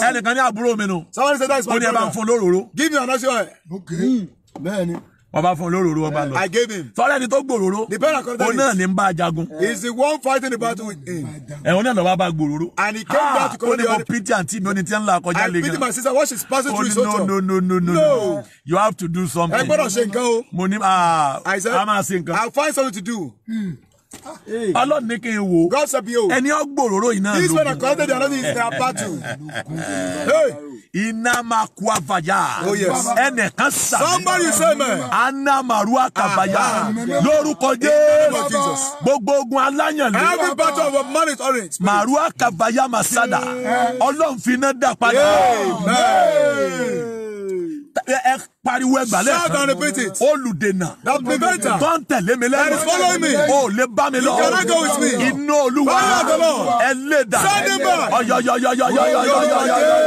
Ẹnìkan ní àbúrò mi nù. Somebody said that is my brother. Ó ní ẹ bá ń fún lóróró. Give me another oil. Okay. Hmm. Bẹ́ẹ̀ni wọ́n bá fún un lóróró wọ́n bá lọ. I gave him. sọ́lá ẹni tó gbòòrò. the parent of the race. òun náà ní n bá jagun. is the one fighting the battle with him. ẹ̀hún náà lọ wá bá gbòòrò. and he came ah, back to call the other. ó ní mo pity àǹtí mi ó ní tí ń la kọjá lẹ́gàn. I pity my sister What she is passing through his own job. no no no no no you have to do something. ẹ gbọ́dọ̀ ṣe nǹkan o. mo ní aa ah, a máa ṣe find something to do. Hmm. Ọlọ́run ní kí n wò. you. Ẹni ọgbòròrò iná lókun. This one according to another is their battle. Iná máa kú àfàyà. Oh, Ẹnì kan sàmì. Somebody say amen. Aná màrúwà kàbàyà. Lórúkọ Jésù. Gbogbo ogun aláyànlé. Every battle of a man is orange. Màrúwà kàbàyà màsádà. Ọlọ́run fi iná dà padà. Amen pariwo ẹgbàlẹ̀ kan. shout and repeat it. olùdènà. that preventer. tó ń tẹ̀lé mi lẹ́nu. that is following me. o lè bá mi lọ. you cannot go with me. iná olúwa. fire of the lord. ẹlẹ́dà. send him back. ọ̀yọ̀yọ̀yọ̀yọ̀yọ̀yọ̀yọ̀yọ̀yọ̀.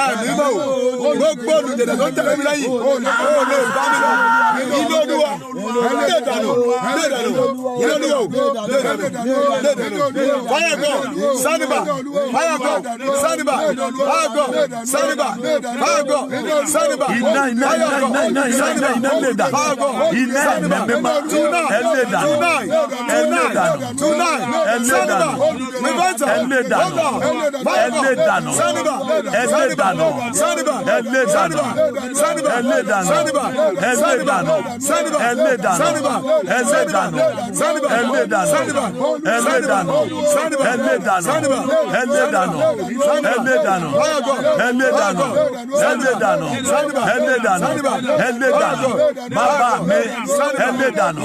ẹ̀mí mọ̀ o gbogbo olùdènà tó ń tẹ̀lé mi lẹ́yìn. o lè bá mi lọ. iná olúwa. ẹlẹ́dà lọ. ẹlẹ́dà lọ. iná olúwa o. ẹlẹ́dà lọ. fire go. send him back. fire go. send him back. fire go. send him back. fire go. send him back. iná iná iná iná dànù ẹ lé dànù bàbá mi ẹ lé dànù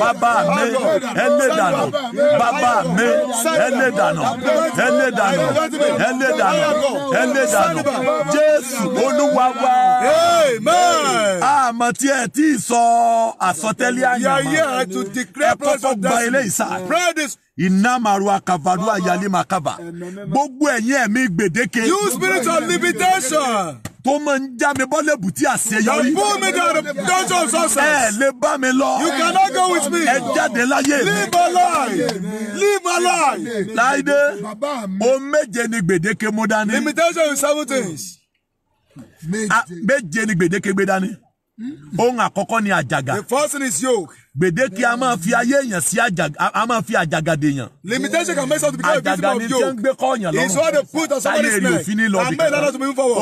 bàbá mi ẹ lé dànù bàbá mi ẹ lé dànù ẹ lé dànù ẹ lé dànù ẹ lé dànù Jésù Olúwa wa àmọ́ tí ẹ ti sọ àsọtẹ́lẹ̀ àyàmọ́ ẹ kọ́kọ́ gba eléyìí sáà iná màrúwa kàvàrúwa yálé màkàvà gbogbo ẹ̀yin ẹ̀mí gbèdéke. you spirit of limitation tó máa ń já mi bọ́lẹ̀ bùtí àṣeyọrí. pull me down the dungeon of success. ẹ lè bá mi lọ. you cannot go with me. ẹ jáde láyé mi. live alive live alive. láìdé o méje ni gbèdéke mú dání. limitation is seven days. méje ni gbèdéke gbé dání. Hmm? ohun àkọ́kọ́ ni àjàgà. the first thing is yoke gbèdéke a máa fi ayé èèyàn sí àjàgà a máa fi àjàgàdè èèàn. limitation can make something become a victim of you. àjàgà ni tí ń gbé kọ́ọ̀yàn lọ́rùn. is all the put on somebody's neck. ayé èrè òfin ni lọ́ọ̀bì kan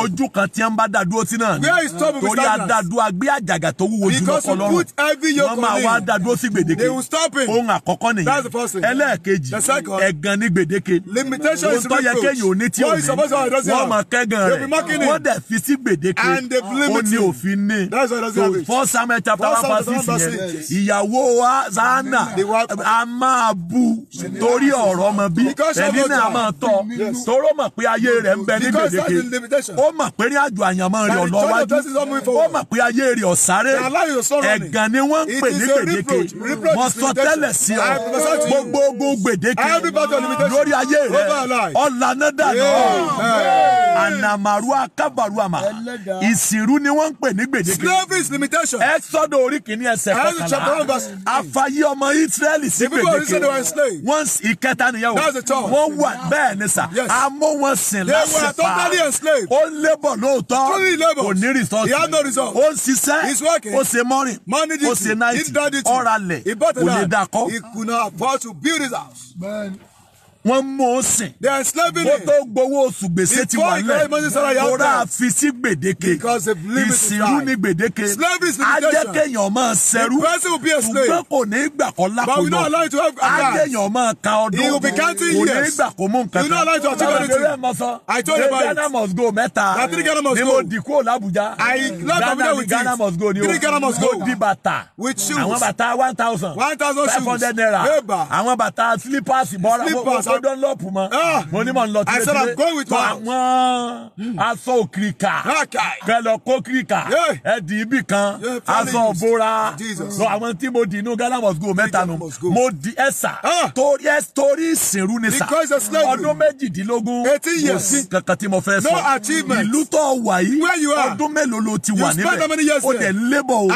ojú kan tí ń bá dàdúró sí náà ni. where is trouble with stagnant. torí adadu agbé àjàgà tó wúwo jù lọ́kọ̀ lọ́rùn. because put every yoke on him. wọ́n máa wá dàdúró sí gbèdéke. they will stop him. ohun àkọ́kọ́ nìyẹn. that's the first thing. ẹlẹ́ẹ̀kejì ẹ̀gàn ni is reproach. ohun tó yẹ kéèyàn ò ní tí ò ní. wọ́n máa kẹ́gàn rẹ̀. wọ́n dẹ̀ ìyàwó zana a máa bu torí ọ̀rọ̀ ọmọ bí ẹ̀nínà a máa tọ́ toró mọ̀ pé ayé rẹ̀ ń bẹ ní gbèdéke ó mọ̀ pé ní àjò àyànmọ́ rẹ̀ ọ̀lọ́wájú ó mọ̀ pé ayé rẹ̀ ọ̀sáré ẹ̀gàn ni wọ́n ń pè ní gbèdéke mo sọ tẹ́lẹ̀ sí ọ gbogbo gbèdéke lórí ayé rẹ̀ ọ̀làná dànù ànàmàrú akábàrú àmà ìsìrú ni wọ́n ń pè ní gbèdéke ẹ sọ́dọ̀ orí kìíní ẹsẹ̀ kọkànlá. Because àfàyè ọmọ israẹli sí gbèdéke wọn ìkẹta nìyẹn o wọn wà bẹ́ẹ̀ ni sà àmọ́ wọn sìn lásìkò ó lébọ̀ lóòótọ́ kò ní rìsọ́ọ̀tì ó ń ṣiṣẹ́ ó ṣe mọ́rin ó ṣe náìtì ọ̀ralẹ̀ kò lè dakọ́ wọ́n mú un sìn. they are slaving him. mo tó gbowó oṣù gbèsè ti wà lẹ̀. mo rà fi sí gbèdéke. because of limited time. ìsìnkú ni gbèdéke. slavery is limitation. ajẹ́kẹ̀yàn máa ṣẹ́rú. the person will be a slave. ṣùgbọ́n kò ní gbà kọ́ lápò náà. but we no allow you to have a car. ajẹ́yàn máa ka ọdún. he will be counting years. kò ní gbà kó mú nǹkan. you no allow you to achieve anything. I told you about it. Ghana must go mẹ́ta. na three Ghana must go. ni mo di kó l'Abuja. I love Abuja with this. Ghana must go ni o. three Ghana must go. mo di bàtà. with shoes. àwọn bàtà one thousand. one thousand shoes. five hundred naira. àwọn bàtà slippers slippers tó dánlọ́pù mọ́ ah! mo ní mọ̀ ń lọ tí lè tí lè àwọn aṣọ òkìrìkà kẹlọ kó kìrìkà ẹ dì í bì kan aṣọ òbora lọ àwọn tí mo dì inú Ghana must go mẹ́ta nu mo di ẹ̀sà ah! torí ìsìnrú ni sà ọdún méjìdínlógún kò sí kankan tí mo fẹ́ sọ ìlú tó wà yìí ọdún mélòó ló ti wà níbẹ̀ ó dẹ̀ lébọ̀ o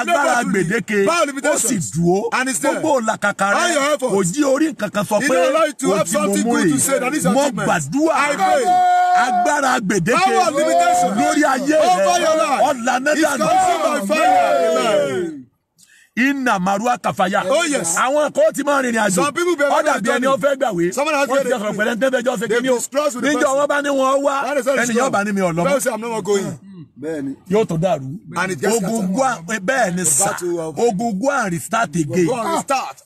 agbára gbèdéke ó sì dùn ó gbogbo làkàkà rẹ̀ kò jí orí kankan sọ pé kò have something good to say that is achievement. mo gbàdúrà agbára gbèdéke lórí ayé rẹ ọ̀là nẹ́dà náà iná màrúwá kàfàyà. àwọn kan ti máa rìnrìn àjò ọ̀dà bí ẹni ọ̀fẹ́ gbàwé wọ́n ti jẹ́ sọ̀rọ̀ pẹ̀lẹ́ ní tẹ́fẹ̀jọ́ ṣe kí ni o níjọ́ wọn bá ní wọn wá ẹnìyàn bá ní mi ọ̀lọ́mọ yóò tó dàrú ogungun bẹ́ẹ̀ ni sà ogungun and restart again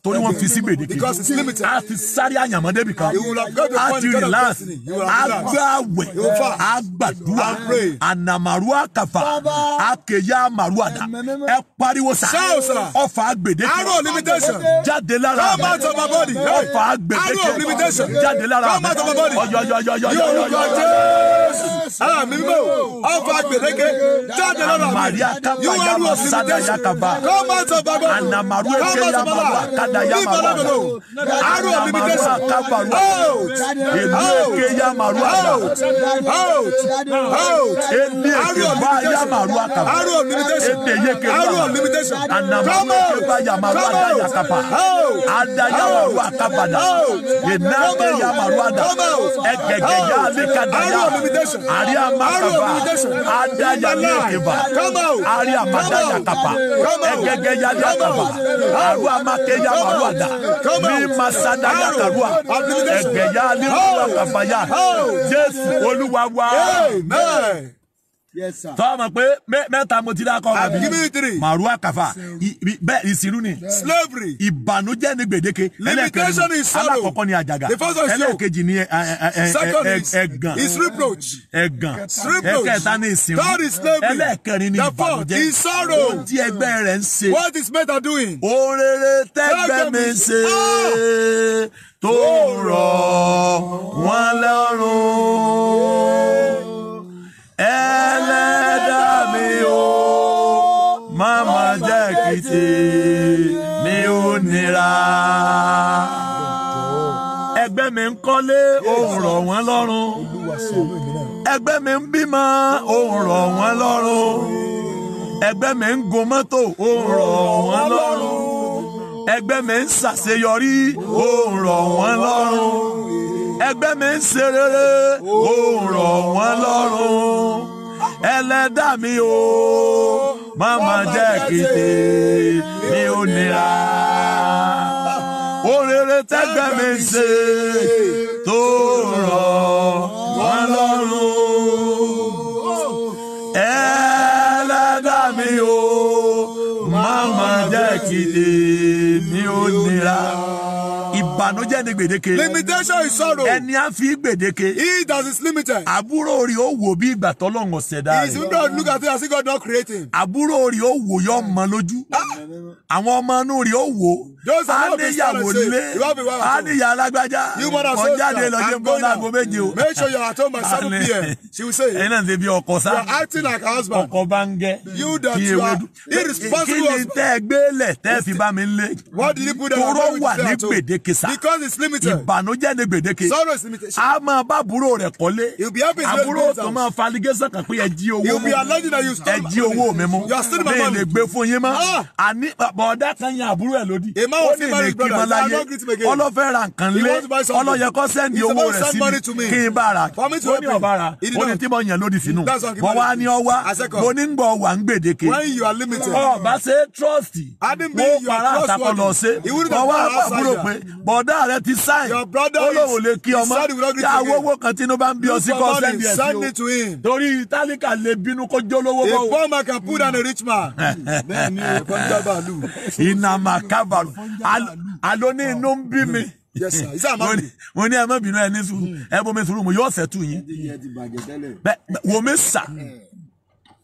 torí wọ́n fi sí gbèdéke a ti sáré àyànmọ́ débi kan a ti relax agbáwẹ̀ agbàdúrà anamaru akafa akeya amaru ada ẹ pariwo sà ọfà gbèdéke jáde lára ọfà gbèdéke jáde lára ọyọyọyọyọ. yóò rúkọ jésù. ara mi mímọ́ ọfà gbèdéke jáde lọ́dọ̀ mi. Maria kaba ya ma sada ya kaba. Ana maru eke ya ma wa kada ya ma wa. Ana maru akaba wa. Elu eke ya maru akaba. Elu eke ba ya maru akaba. Ede ye ke ba. Ana maru eke ba ya maru ada ya kaba. Ada ya maru akaba da. Ena ke ya maru ada. Egege ya ale kada ya. Ari ama kaba. Ada yàrá ìkẹba àrí àmàdá yàtàpà ẹgẹgẹ yàrá yàtàpà àrú àmàkẹ yàrá àrúàdà mi ma sada yàtàrúà ẹgbẹ yàrá yàtàpà yàrá Jésù Olúwa wa tọ́ ọmọ pé mẹ́ta mo ti dákọ̀ ọ̀rọ̀ mi màrú àkàfà bẹ́ẹ̀ ìsìnrú ni ìbànújẹ́ ni gbèdéke ẹlẹ́kẹ̀rin alákọ̀ọ́kọ́ ni àjàgà ẹlẹ́kẹ̀jì ni ẹ̀gàn ẹ̀gàn ẹ̀kẹta ni ìsìnrú ẹlẹ́kẹ̀rin ni ìbànújẹ́ ó di ẹgbẹ́ rẹ̀ ń ṣe orere tẹ́gbẹ́ mi ah! ń ṣe tó rọ̀ wọ́n lọ́rùn. ṣe mi ò nira. ẹgbẹ́ mi ń kọ́lé ẹgbẹ́ mi ń bímọ òun rọ̀ wọ́n ẹgbẹ́ mi ń gun mọ́tò rọ̀ wọ́n ẹgbẹ́ mi ń ṣàṣeyọrí òun rọ̀ wọ́n lọ́rùn. mi ń ẹlẹ́dà mi o má mà jẹ́ kí tèmi ò nira. Orere tẹ́gbẹ́ mi ṣe tó rọ̀ wọ́n lọ́rùn. Ẹlẹ́dà mi o má mà jẹ́ kí tèmi ò nira ìbànújẹ́ ni gbèdéke. limitation is sorrow. ẹni á fi gbèdéke. he does his limited. àbúrò rẹ̀ ó wò bí ìgbà tọ́lọ̀ ń ṣẹ̀dá rẹ̀. his window look at it as if God don create him. àbúrò rẹ̀ ó wò yọ ọmọ lójú. Ah! àwọn ọmọ inú rẹ̀ ó wò. a ní ìyàwó nílé a ní ìyá alágbájá. wọ́n jáde lọ jẹ́ bọ́lá àgọ́ méje o. make sure you are at home at seven pm. she will say. ẹ̀yin náà ṣe bí ọkọ sá. you are acting like a husband. ọkọ bá ń gẹ. you that you are irresponsible. kí ni tẹ́ gbé tẹ́ fi bá mi lé. what did you put there. toró wà ní gbèdéke sá because it's limited. ìbànújẹ́ ni gbèdéke. sorrow is limitation. a máa bá àbúrò rẹ̀ kọ́lé. he be happy to get bills out. àbúrò tó máa fa allegation kan pé ẹ owó mú. he be alleging that you stole my money. ẹ jí owó mi mú. you are stealing my money. mi ì lè gbé fún yín mọ́. Ah! àní bọ̀dá kan yan àbúrò ẹ̀ lódì. a was still married brother and I no greet him again. ọlọ́fẹ́ ra nǹkan lé ọlọ́yẹ kọ́ sẹ́ndì owó oh, rẹ̀ sí mi kí n bá ra ó ní ọ̀bá ra ó ní tí mo yàn lódì sínú mo wá ní ọwá mo ní gbọ̀ wà ń bọ̀dá rẹ ti sáìn. your brother is olówó lè kí ọmọ yà owó kan tí inú bá ń bí ọ sí kọ́ sẹ́ndì ẹ̀ sí o. torí tálíkà lè bínú kó jó bọ̀ o. a poor man can put down a rich man. bẹ́ẹ̀ ni ìfọ̀njábàlù. ìnàmà kábàlù àlọ́ ní inú ń bí mi mo ní ẹ má bínú ẹ ní sùúrù hmm. ẹ bọ mi sùúrù mo yọ ọsẹ tù yín bẹ wo sà hmm.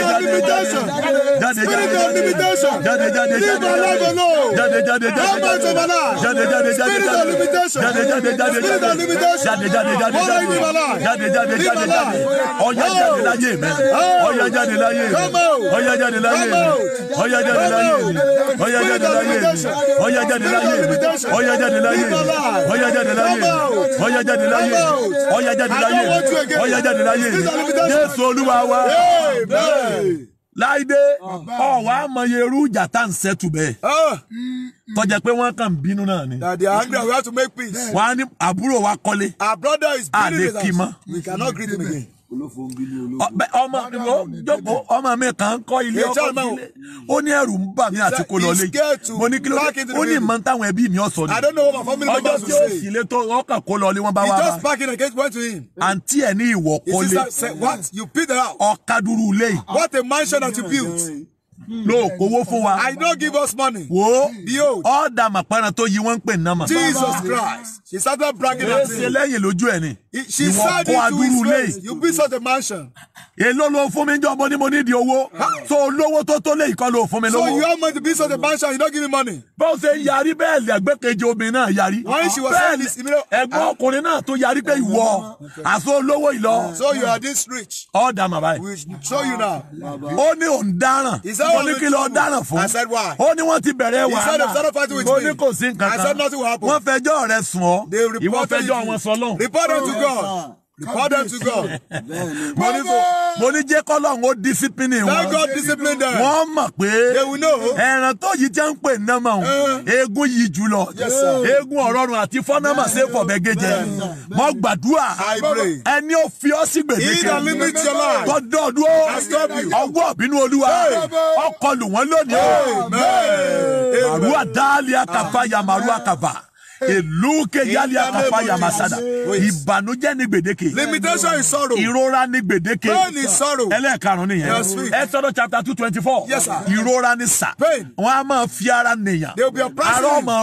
of limitation. Spirit of limitation. Leave my life alone. Help my Jabala. Spirit of limitation. Spirit of limitation. Wọ́n rẹ̀ ní bàlá. Ní bàlá. Ọ̀yá jáde láyé mi. Ọ̀yá jáde láyé mi. Ọ̀yá jáde láyé mi. Ọ̀yá jáde láyé mi. Ọ̀yá jáde láyé mi. Ọ̀yá jáde láyé mi. Ọ̀yá jáde láyé mi. Ọ̀yá jáde láyé mi. Ọ̀yá jáde láyé mi. Ọ̀yá jáde láyé mi. Ọ̀yá jáde láyé mi. Jésù Olúwa wa. Amen láìdé ọwọ àmọye irú ìjà tá n ṣẹtù bẹ́ẹ̀ ah. mm, mm. tọjẹ pé wọn kàn bínú náà ni. that they are angry we have to make peace. wọn á ní àbúrò wa kọ́lé. our brother is bleeding. with we cannot greet him again ọmọ jókòó ọmọ mi kan kọ́ ilé ọkọ sílẹ̀ ó ní ẹ̀rù ń bà mí àti kó lọ lé mo ní kí ló dé ó ní ìmọ̀ táwọn ẹbí mi ọ̀sọ̀ ni ọjọ́ tí ó sì lé tó ọkàn kó lọ lé wọ́n bá wá bá àǹtí ẹ̀ ní ìwọ̀ kọ́lé ọ̀kadùrú lẹ́yìn. what a mansion that you built. Ah, No, hmm. kówó fún wa. I don't give us money. Wo ọ̀dà màpáran tó yí wọ́n ń pè ní nàmà. Jesus Christ. She started bragging at me. Ṣé lẹ́yìn lójú ẹ̀ ni? She said it to his face. You build such a mansion. Èló ló fún mi jọ́ mo ní mo ní di owó. So olówó tó tó lè kọ́ ló fún mi lówó. So you have money to build such a mansion you don't give me money. Bó ṣe yarí bẹ́ẹ̀ lẹ̀ gbẹ́kẹ̀jẹ obìnrin náà yarí. Wọ́n ṣì wọ́n sẹ́yìn ìsinmi. Ẹ̀gbọ́n ọkùnrin náà tó yarí pé ìwọ àṣọ olówó ìlọ. So you are this rich. Ọ̀dà màbáyé. We show you now. Ó ní òǹdaràn. He said mo ní kí lọ dáràn fún. ó ní wọ́n ti bẹ̀rẹ̀ wàhálà mo ní kò sí nǹkan kan wọ́n fẹjọ́ rẹ sùn ọ́ ìwọ fẹjọ́ wọn sọ lọ́hùn. Report them to God. mo ní kò mo ní jẹ́ kọ́lọ́hún ó discipline Let God discipline them. Wọ́n mọ̀ pé. They will know. Ẹran tó yìí jẹ́ ń pè námà o. Uh-huh. Eégún yìí jùlọ. Eégún ọ̀rọ̀rùn àti fọ́nàmà ṣe fọ̀bẹ́gẹ́jẹ. Mo gbàdúrà. Ẹni ó fi ọ́ sí gbèdéke. Ìdá limit your life. Gbọ́dọ̀ dúró. Ọwọ́ ìbínú Olúwa. Ọkọlù wọn lónìí. Màrúwà dáálì àkàfà yà màrúwà kàfà èlú kejìlí àkàpà yamasada ìbànújẹ́ ní gbèdéke. limitation is ìrora ní gbèdéke. ẹlẹ́ẹ̀karùn nìyẹn. Exodus chapter two twenty four. ìrora ní sà. pain. wọ́n máa fi ara nìyàn. they will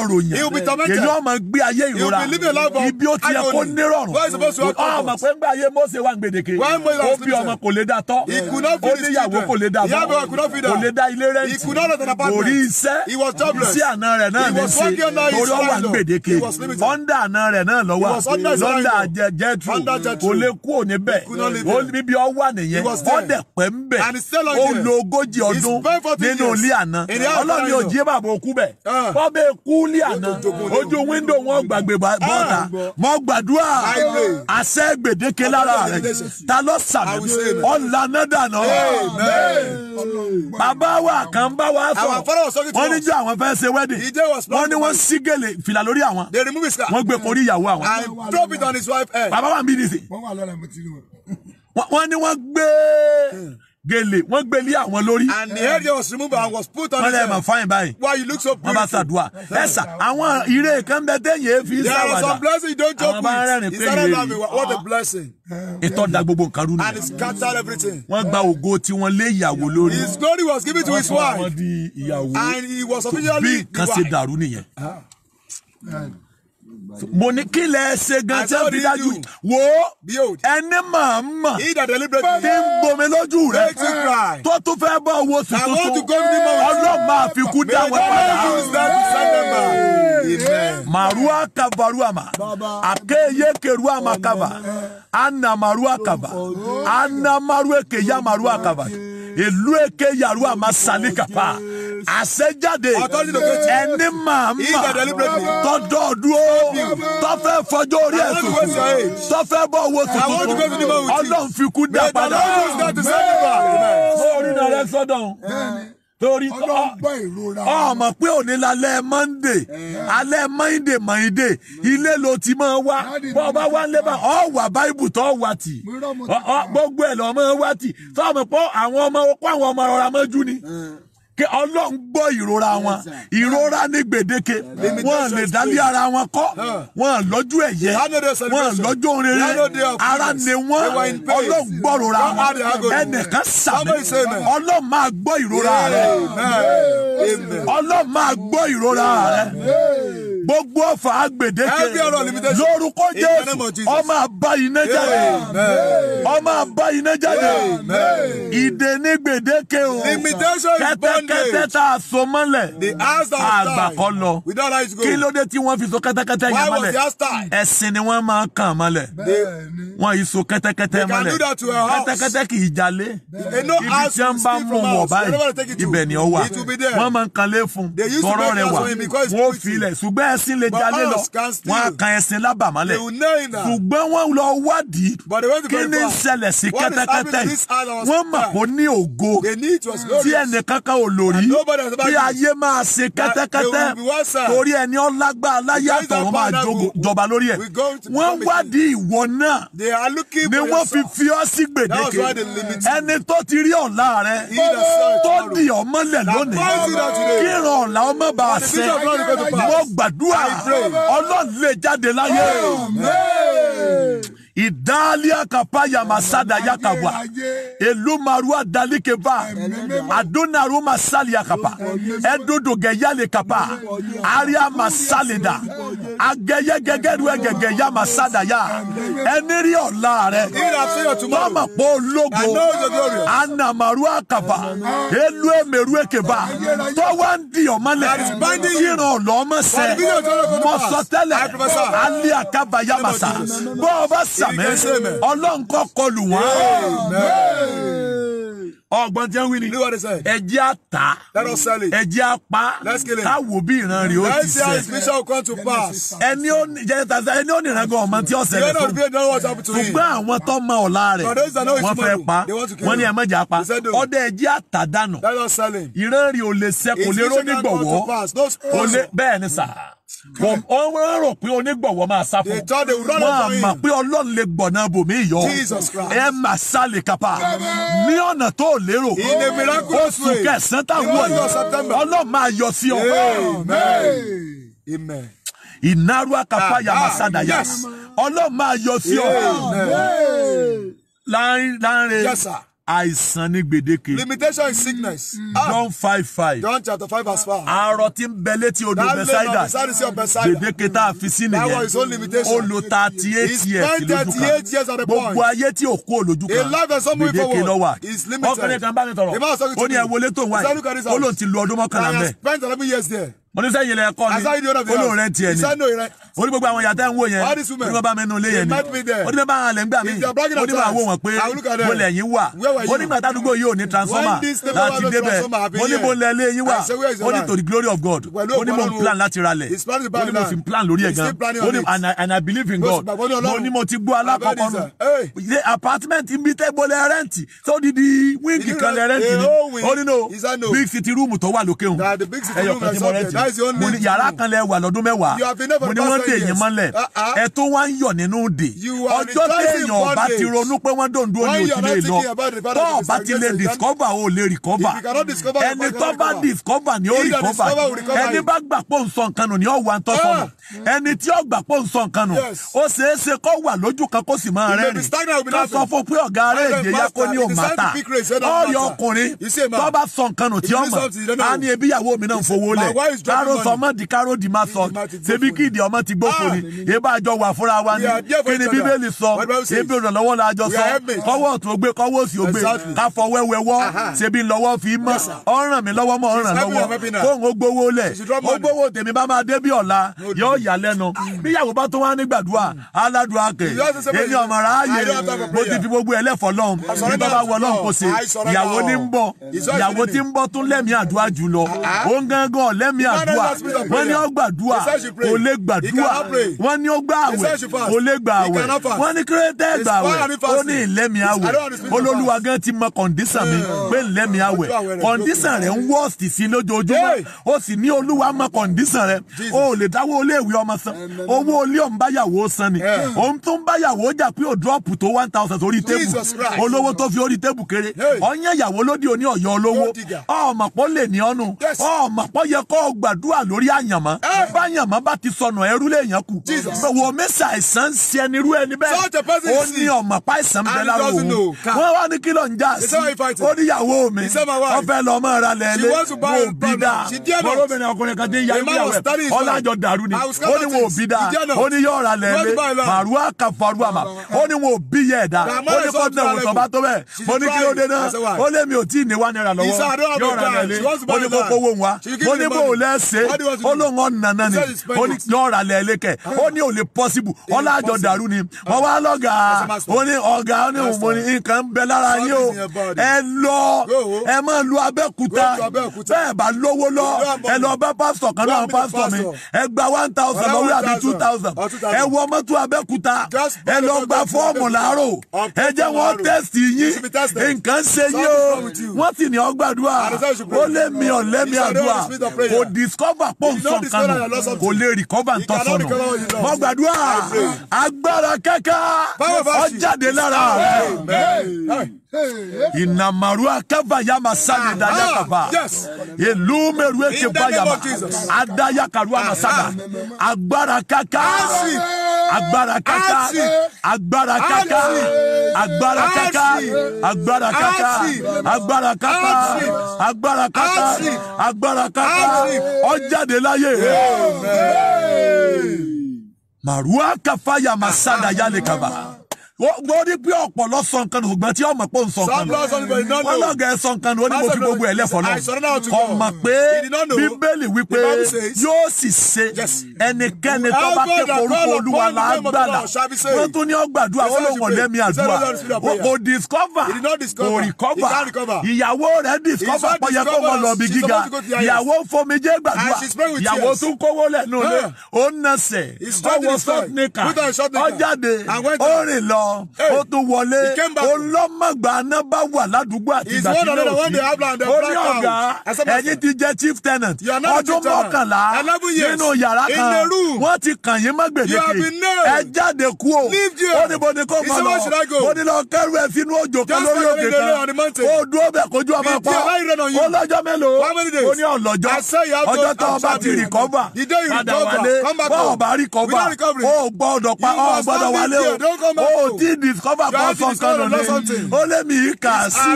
ròyìn. he will be tormented. èyí ó gbé ayé ìrora. be living a life of agony. ibi ó ti kó nírọ̀rùn. is supposed to happen. ọmọ pé ń gbé ayé Mósè wà gbèdéke. why Moses was ó bí ọmọ kò lè dá tọ́. he could not feed his children. ó kò lè dá mọ́. kò lè dá ilé rẹ̀. he kò rí iṣẹ́. was jobless. iṣẹ́ àná rẹ̀ náà ní í ṣe. torí ó wà gbèdéke òkè under àna rẹ̀ náà lọ́wọ́ lọ́ndà jẹ́tù kò lè kú òní bẹ́ẹ̀ bíbí ọ wà nìyẹn wọ́n dẹ̀ pẹ́ ń bẹ̀ ó lo ogójì ọdún nínú ilé àná ọlọ́ni ò jí bàbá òkú bẹ̀ wọ́n ah. bẹ kú ilé àná ojú wíńdò wọn gbàgbé ah. bọ́ọ̀dà mọ́ gbàdúrà àṣẹ gbèdéke lára rẹ̀ ta ló sàmì ọ̀là náà dànù bàbá wa kan bá wa sọ wọ́n níjọ́ àwọn fẹ́ ṣe wedding wọ́n ní wọ́n sí gèlè fìlà lórí àwọn àwọn. they remove his car. wọ́n gbé korí ìyàwó àwọn. and drop it on his wife head. bàbá wa ń bí nísì. wọ́n wà lọ́la mo ti rí wọn. wọ́n ní wọ́n gbé gèlè wọ́n gbé lé àwọn lórí. and the head was removed and was put on. wọ́n lè mọ̀ fáyìn báyìí. why you look so pretty? wọ́n bá ṣàdúrà ẹ sà àwọn ire kan tẹ̀yìn èéfì sáwàdà. there are some blessings you don't joke with. àwọn bá rẹ́rìn pé ìrèlè. what a blessing. ìtọ́ da gbogbo nǹkan rú ni. and he scattered everything. wọ́n gba ògo tiwọn lé ìyàwó lórí. his glory was given to his wife. wọ́n di ìyàwó. and he was officially bí kan ṣe dàrú nìyẹn mo ní kí lẹ ṣe gan tí ó fi dájú wo ẹni màá mà tí ń bomi lójú rẹ tó tún fẹ́ bọ́ owó tuntun ọlọ́mọ àfikún dá padà. màrúwá kabarúwá àkéyé kerúwá kaba àna kaba àna kéyà màrúwá kaba ìlú èké yàrúwá ma àṣẹjáde ẹni màmá tọdọ dúró tọfẹ fọjọ orí ẹsùn tọfẹ bọ owó tuntun Ọlọ́run fi kú dá padà. orí nàrẹ sọdọ torí ọmọ pé òní lálẹ́ Monday alẹ́ Monday Monday ilé ló ti máa wá bọ́ ọba wá ń lébà ọ wà báìbù tó wà tì gbogbo ẹ̀ lọ́ máa wá tì sọ́ọ̀mù pọ̀ àwọn ọmọ okó àwọn ọmọ ọ̀rọ̀ àmọ́jú ni kí ọlọ́run gbọ́ ìrora wọn ìrora ní gbèdéke wọn lè dálé ara wọn kọ́ wọn lọ́jọ́ ẹ̀yẹ wọn lọ́jọ́ rere ara ni wọn ọlọ́run gbọ́ ìrora wọn ẹnìkan sàmì ọlọ́run máa gbọ́ ìrora rẹ ọlọ́run máa gbọ́ ìrora rẹ gbogbo ọfà agbèdéke lórúkọ jésù ọmọ àbá iná jáde ọmọ àbá iná jáde ìdè ní gbèdéke o kẹ́tẹ́kẹ́tẹ́ tá a so mọ́lẹ̀ àgbà kọ́ lọ kí ló dé tí wọ́n fi so kẹ́tẹ́kẹ́tẹ́ yẹn mọ́lẹ̀ ẹ̀sìn ni wọ́n máa kàn mọ́lẹ̀ wọ́n yìí so kẹ́tẹ́kẹ́tẹ́ mọ́lẹ̀ kẹ́tẹ́kẹ́tẹ́ kì í jalè ibi tí wọ́n bá mú wọ̀ báyìí ibẹ̀ ni ọ wà wọ́n máa ń kan lé fún tọrọ rẹ wà wọ́n fi ilẹ̀ ṣùgbọ́n ẹṣin lè jalè lọ wọn á kan ẹṣin lábàmọ́lẹ̀ ṣùgbọ́n wọ́n lọ wádìí kí ni ń ṣẹlẹ̀ sí kẹ́tẹ́kẹ́tẹ́ wọ́n mọ̀ kó ní ògo tí ẹnìkankan ò lò rí bí ayé máa ṣe kẹ́tẹ́kẹ́tẹ́ torí ẹni ọlágbára láyé àtọ̀run máa jọba lórí ẹ̀ wọ́n wádìí ìwọ náà ni wọ́n fi fi ọ́ sí gbèdéke ẹni tó ti rí ọ̀la rẹ tó di ọmọlẹ̀ lónìí kí ìran ọ̀la ọmọ bá a ṣe mo gbàdúrà gbàdúrà ọlọ́run lè jáde láyé idalia ya masada ya elu yakabwa elumarua dalikeba adunaru masali yakapa edudu geyale kapa aria masalida agẹyẹ gẹgẹ ru ẹgẹgẹ ya masada ya eniri ọla rẹ mama pọ ológo anamaru akaba elu emeru ekeba tọwa ń di ọmọlẹ kíran ọlọ ọmọ ali mọsọtẹlẹ ya yamasa bọọba sa àmì ọlọ́run kọ́ kọlù wọn. ọgbọ́n tí wọ́n wí ni ẹjẹ́ àtà ẹjẹ́ apá táwo bí ìran rẹ̀ ó ti ṣẹ. ẹni ó ní ìrangàn ọmọ tí ó ṣẹlẹ̀ fún ṣùgbọ́n àwọn tó mọ ọ̀la rẹ̀ wọ́n fẹ́ pa wọ́n ní ẹ̀mọ́jà pa ọdẹ ẹjẹ́ àtà dànù ìran rẹ̀ ò lè ṣẹ kò lè rónígbọ̀wọ́ bẹ́ẹ̀ ni sà wọ́n wọ́n rò pé onígbọ̀wọ́ máa sá fún un wọ́n á pé ọlọ́run lè gbọ̀nà bòmí yọ ẹ mà sá lè kápá ní ọ̀nà tó lérò oṣù kẹsàn-án táwọn yìí ọlọ́run máa yọ sí ọ. ìnáru àkàpá yàmásádàyà ọlọ́run máa yọ sí ọ. láńre àìsàn ní gbèdéke. limitation is sickness. Mm. Ah. John five five. John chapter five verse five. àárọ̀ tí ń bẹ létí odò Bethsaida. gbèdéke tá a fi sí nìyẹn. that was his own limitation. ó lò thirty eight years lójú he spent thirty years at a point. gbogbo ayé tí ò kú olójú kan. a life of some people gbèdéke lọ wà. limited. ọkùnrin kan bá mi tọrọ. the man was talking to me. ó ní ẹ wọlé tó ń wáyé. ó lóun ọdún mọ́kànlá mẹ́. years there mo ní sẹ́yìn ilẹ̀ ẹ̀kọ́ ni olóòrè tiẹ̀ ni orí gbogbo àwọn ìyàtọ̀ ń wò yẹn orí wọn bá mẹ́nu ilé yẹn ni orí bá hàn lẹ́ngbà mi orí wọn àwọ̀ wọn pé mo lẹ̀ yín wà ó ní gbàtà àdúgbò yìí ò ní transformer láti débẹ̀ ó ní mo lẹ̀ lé yín wà ó ní to the glory of God ó ní mo n plan láti ralẹ̀ ó ní mo sì plan lórí ẹ̀ gan ó ní and I believe in God mo ní mo ti gbọ́ alákọ̀ọ́kọ́ nù ilé apartment ibi tẹ́ gbọ́lẹ̀ rẹ́ǹtì tó di di wíńgì kan lẹ̀ rẹ́ǹtì ni ó ní no big city room tó wà lókè hùn ẹ̀yọ̀ kan tí mo rẹ́ǹtì mo ní yàrá kan lẹ wà lọ́dún mẹ́wàá mo ní wọ́n dè yín mọ́lẹ̀ uh-uh. ẹ tó wá ń yọ̀ nínú dè ọjọ́ téèyàn ọba ti ronú pé wọ́n dòǹdó ni òtí lè lọ tó ọba ti lè discover o lè recover ẹni tó bá discover ni ó recover ẹni bá gbà pò ń sọ nǹkan nù ni ó wà ń tọ́ sọnù ah. ẹni tí ó gbà pò ń sọ nǹkan nù ó ṣeé ṣe kó wà lójú kan kó sì máa rẹ́rìn ká sọ fún pé ọ̀gá ara èdè yá kó ní òmàtà ọ̀rẹ́ ọkùnrin tó bá sọ nǹkan nù tí ó mọ̀ á ní ebíyàwó mi náà fowó lẹ̀ káró sọmọ di káró di máa sọ ṣebí kí ìdí ọmọ ti gbófo ni ebá ah! àjọ wà fúnra wa ni kí bíbélì sọ ebi ìrànlọ́wọ́ la àjọ sọ kọ́wọ́ ọ̀tún gbé kọ́wọ́ òsì gbé káfọ wẹ́wẹ́wọ́ ṣebí lọ́wọ́ fi mọ́ ọ̀ràn mi lọ́wọ́ mọ́ ọ̀ràn lọ́wọ́ kóhùn ó gbowó lẹ̀ ó gbowó tèmi bá máa dé bí ọ̀la yóò yà lẹ́nu níyàwó ah. bá tó wá nígbàdúrà aládùá kẹ̀ èmi ọ̀mọ̀ rà á yẹ mo ti fi gbogbo ẹlẹ́fọ̀ lọ́hùn ní bàbá wọ lọ́hùn kò gbàdúrà wọ́n ní ó gbàdúrà kò lè gbàdúrà wọ́n ní ó gbà àwẹ̀ kò lè gbà àwẹ̀ wọ́n ní kírẹ́tẹ́ gbà àwẹ̀ ó ní ìlẹ́mi àwẹ̀ olólùwà gan ti mọ kọ̀ǹdísàn mi pé ìlẹ́mi àwẹ̀ kọ̀ǹdísàn rẹ̀ ń wọ́ọ̀sì sí lójoojúmọ́ ó sì ní olúwa mọ kọ̀ǹdísàn rẹ̀ o ò lè dáwọ́ olé ìwé ọmọ san owó olé ọ̀n báyàwó san ni òun tún báyàwó jà pé ó dọ́ọ̀pù tó one thousand orí tébù olówó tó fi orí tébù kéré ọ̀nyẹ̀yàwó lódì òní ọ̀yọ́ olówó ọ̀mọ̀pọ̀ lè ní ọ́nù ọ̀mọ̀pọ̀ yẹ kó gbà gbàdúrà lórí àyànmọ́ bá àyànmọ́ bá ti sọnù ẹrú lè yàn kù wò mí ṣàìsàn sí ẹni rú ẹni bẹ́ẹ̀ ó ní ọmọ páìsàn bẹ́ẹ̀ lára òun wọ́n wá ní kílọ̀ ń já sí ó níyàwó mi wọ́n fẹ́ lọ ọmọ ra lẹ́lẹ́ wò bí dáa bọ́lọ́bìnrin ọkùnrin kan dé yàrá ìyàwó ọ̀làjọ dàrú ni ó ní wò bí dáa ó ní yọ̀ ra lẹ́lẹ́ màrúwà kàfàrú àmà ó ní wò bí yẹ̀ dá ó ní kọ́ńtà òwòtọ́ bá tó bẹ́ẹ̀ mo ní kí ló dé náà ó lé mi ò tí ì ní wá náírà lọ́wọ́ yọ̀ ra lẹ́lẹ́ ó máa ṣe ó lóun ọ̀nà náà ni ó ní lọ́ọ̀rà lẹ́ẹ̀lẹ́kẹ̀ ó ní ò lè pọ́síbù ọlá àjọ dàrú ni wọ́n wá lọ́gàá ó ní ọ̀gá ó ní òun ní nǹkan ń bẹ lára yín o ẹ lọ ẹ máa lu abẹ́kúta bẹ́ẹ̀ bá lówó lọ ẹ lọ bá pásítọ̀ kan náà pásítọ̀ mi ẹ gba one thousand lọ́wọ́ àbí two thousand ẹ wọ mọ́tò abẹ́kúta ẹ lọ gba fọ́ọ̀mù láàárọ̀ ẹ jẹ́ wọ́n tẹ̀sì yín nǹkan ṣe yín o wọ́n sì ní ọgbàdúrà ó lé mi ọ̀lẹ́mi àdúrà kò dì discover pé nǹkan kan kò lè recover nǹkan kan nù gbàdúrà agbára kẹ́kẹ́ ó lára rẹ̀ inamarua kava ya masani da ah, ah. ya kava ilumeru karua masada agbára kaka Agbara kaka Agbara kaka Agbara kaka Agbara kaka Agbara kaka Agbara kaka agbára kaka ọjáde láyé rẹ màrúwá kafa ya masada ya lè kaba wọ́n ní pé ọ̀pọ̀ lọ sọ nǹkan nù ṣùgbọ́n tí ọmọ pé ń sọ nǹkan nù wọ́n lọ́gà ẹ̀ sọ nǹkan nù ó ní mo fi gbogbo ẹ̀ lẹ́fọ̀ọ́ náà kò mọ̀ pé bíbélì wípé yóò sì ṣe ẹnikẹ́ni tó bá pé orúkọ olúwa là á gbàlà wọ́n tún ní ọgbàdúrà wọ́n ló wọ̀n lẹ́mí àdúrà kò discover kò recover ìyàwó rẹ̀ discover pọ̀ yẹ kó wọn lọ bí gíga ìyàwó fomijé gbàdúrà ìyàwó tún kówó lẹ́nu rẹ̀ ó ń nẹsẹ̀ ọwọ́ sọ́ọ̀tì nìkan ọjáde ó rìn lọ lọ ó tún wọlé olómọgbà náà bá wà ládùúgbò àti ìgbàkílẹ̀ òsì orí ọ̀gá ẹ̀yin ti jẹ́ chief tenant ọdún mọ́kànlá nínú yàrá kan wọ́n ti kàn yín mọ́ gbèdéke ẹ jáde kú o ó ní bo ni kò mọ lọ mo ní lọ kẹrù ẹ sínú òjò kan lórí òkè kan ó dúró bẹ kojú ọmọ pa ó lọ́jọ́ mélòó ó ní ọlọ́jọ́ ọjọ́ tó ọba ti rìkọ́bà padà wálé bọ́ọ̀ bá rìkọ́bà ó gbọ́dọ̀ pa ọ̀ gbọ́dọ̀ wálé o ó still discover person kan lónìí ó lé mi kà sí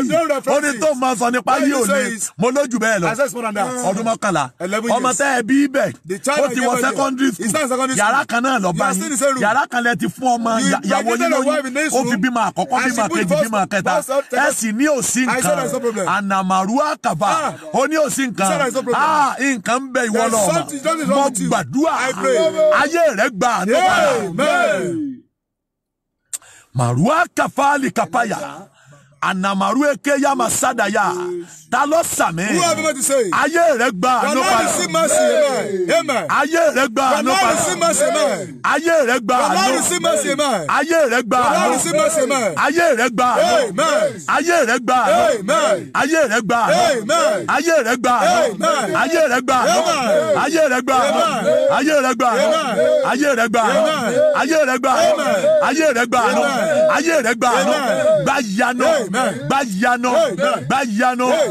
orin tó máa sọ nípa yìí ò ní mo lójú bẹ́ẹ̀ lọ mm. ọdún mọ́kànlá ọmọ tẹ́ ẹ bí bẹ̀ ó ti wọ secondary school yàrá kan náà lọ bá yín yàrá kan lẹ ti fún ọmọ ìyàwó yín lóyún ó fi bímọ àkọ́kọ́ bímọ kejì bímọ kẹta ẹ sì ní òsì nǹkan ànàmàrú àkàbà ah. ó ní òsì nǹkan ah, nǹkan ń bẹ ìwọ lọ́wọ́ mo gbàdúrà ayé rẹ gbà àdúrà. maruaka fali kapaya ana marueke ya masada ya ta ló sàmì. whoever made the say. ayé rẹ gba àánú padà. your Lord receive mercy amen. amen. ayé rẹ gba àánú padà. your Lord receive mercy amen. ayé rẹ gba àánú. your Lord receive mercy amen. ayé rẹ gba àánú. your Lord receive mercy amen. ayé rẹ gba àánú. amen. ayé rẹ gba àánú. amen. ayé rẹ gba àánú. amen. ayé rẹ gba àánú. amen. ayé rẹ gba àánú. amen. ayé rẹ gba àánú. amen. ayé rẹ gba àánú. amen. ayé rẹ gba àánú. amen. ayé rẹ gba àánú. amen. ayé rẹ gba àánú. ayé rẹ gba àánú. gba yanu. gba yanu. gba yanu.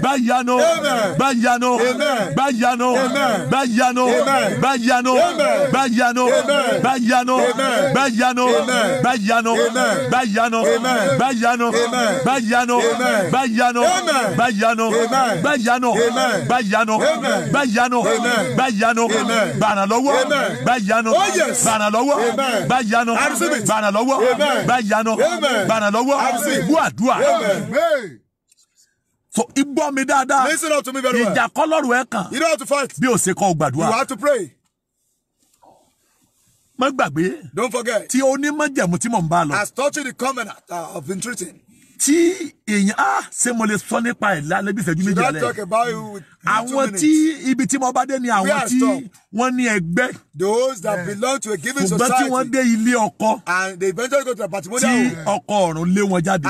Bayano, Bayano, Bayano, Bayano, Bayano, Bayano, Bayano, Bayano, Bayano, Bayano, Bayano, Bayano, Bayano, Bayano, Bayano, Bayano, Bayano, Bayano, Banalowo, Bayano, Banalowo, Bayano, Banalowo, Bayano, Banalowo, Buadua. Amen. So ibo mi dáadáa. Listen up to me very well. Ìjà kọ́ ẹ kàn. You don't have to fight. Bí o ṣe kọ́ gbàdúrà. You have to pray. Má gbàgbé. Don't forget. Ti onímọ̀jẹ̀mú tí mò ń bá lọ. As touching the covenant uh, of entreating. Tí èèyàn á ah, ṣe mo lè sọ nípa ẹ̀ lálẹ́ bí ìṣẹ́jú méjì alẹ́. Should I talk about you with àwọn tí ibi tí mo bá dé ni àwọn tí wọ́n ní ẹgbẹ́. those that belong to a given society. ṣùgbọ́n tí wọ́n dé ilé ọkọ. and they eventually go to the patrimonial home. tí ọkọ ọ̀run lé wọn jáde.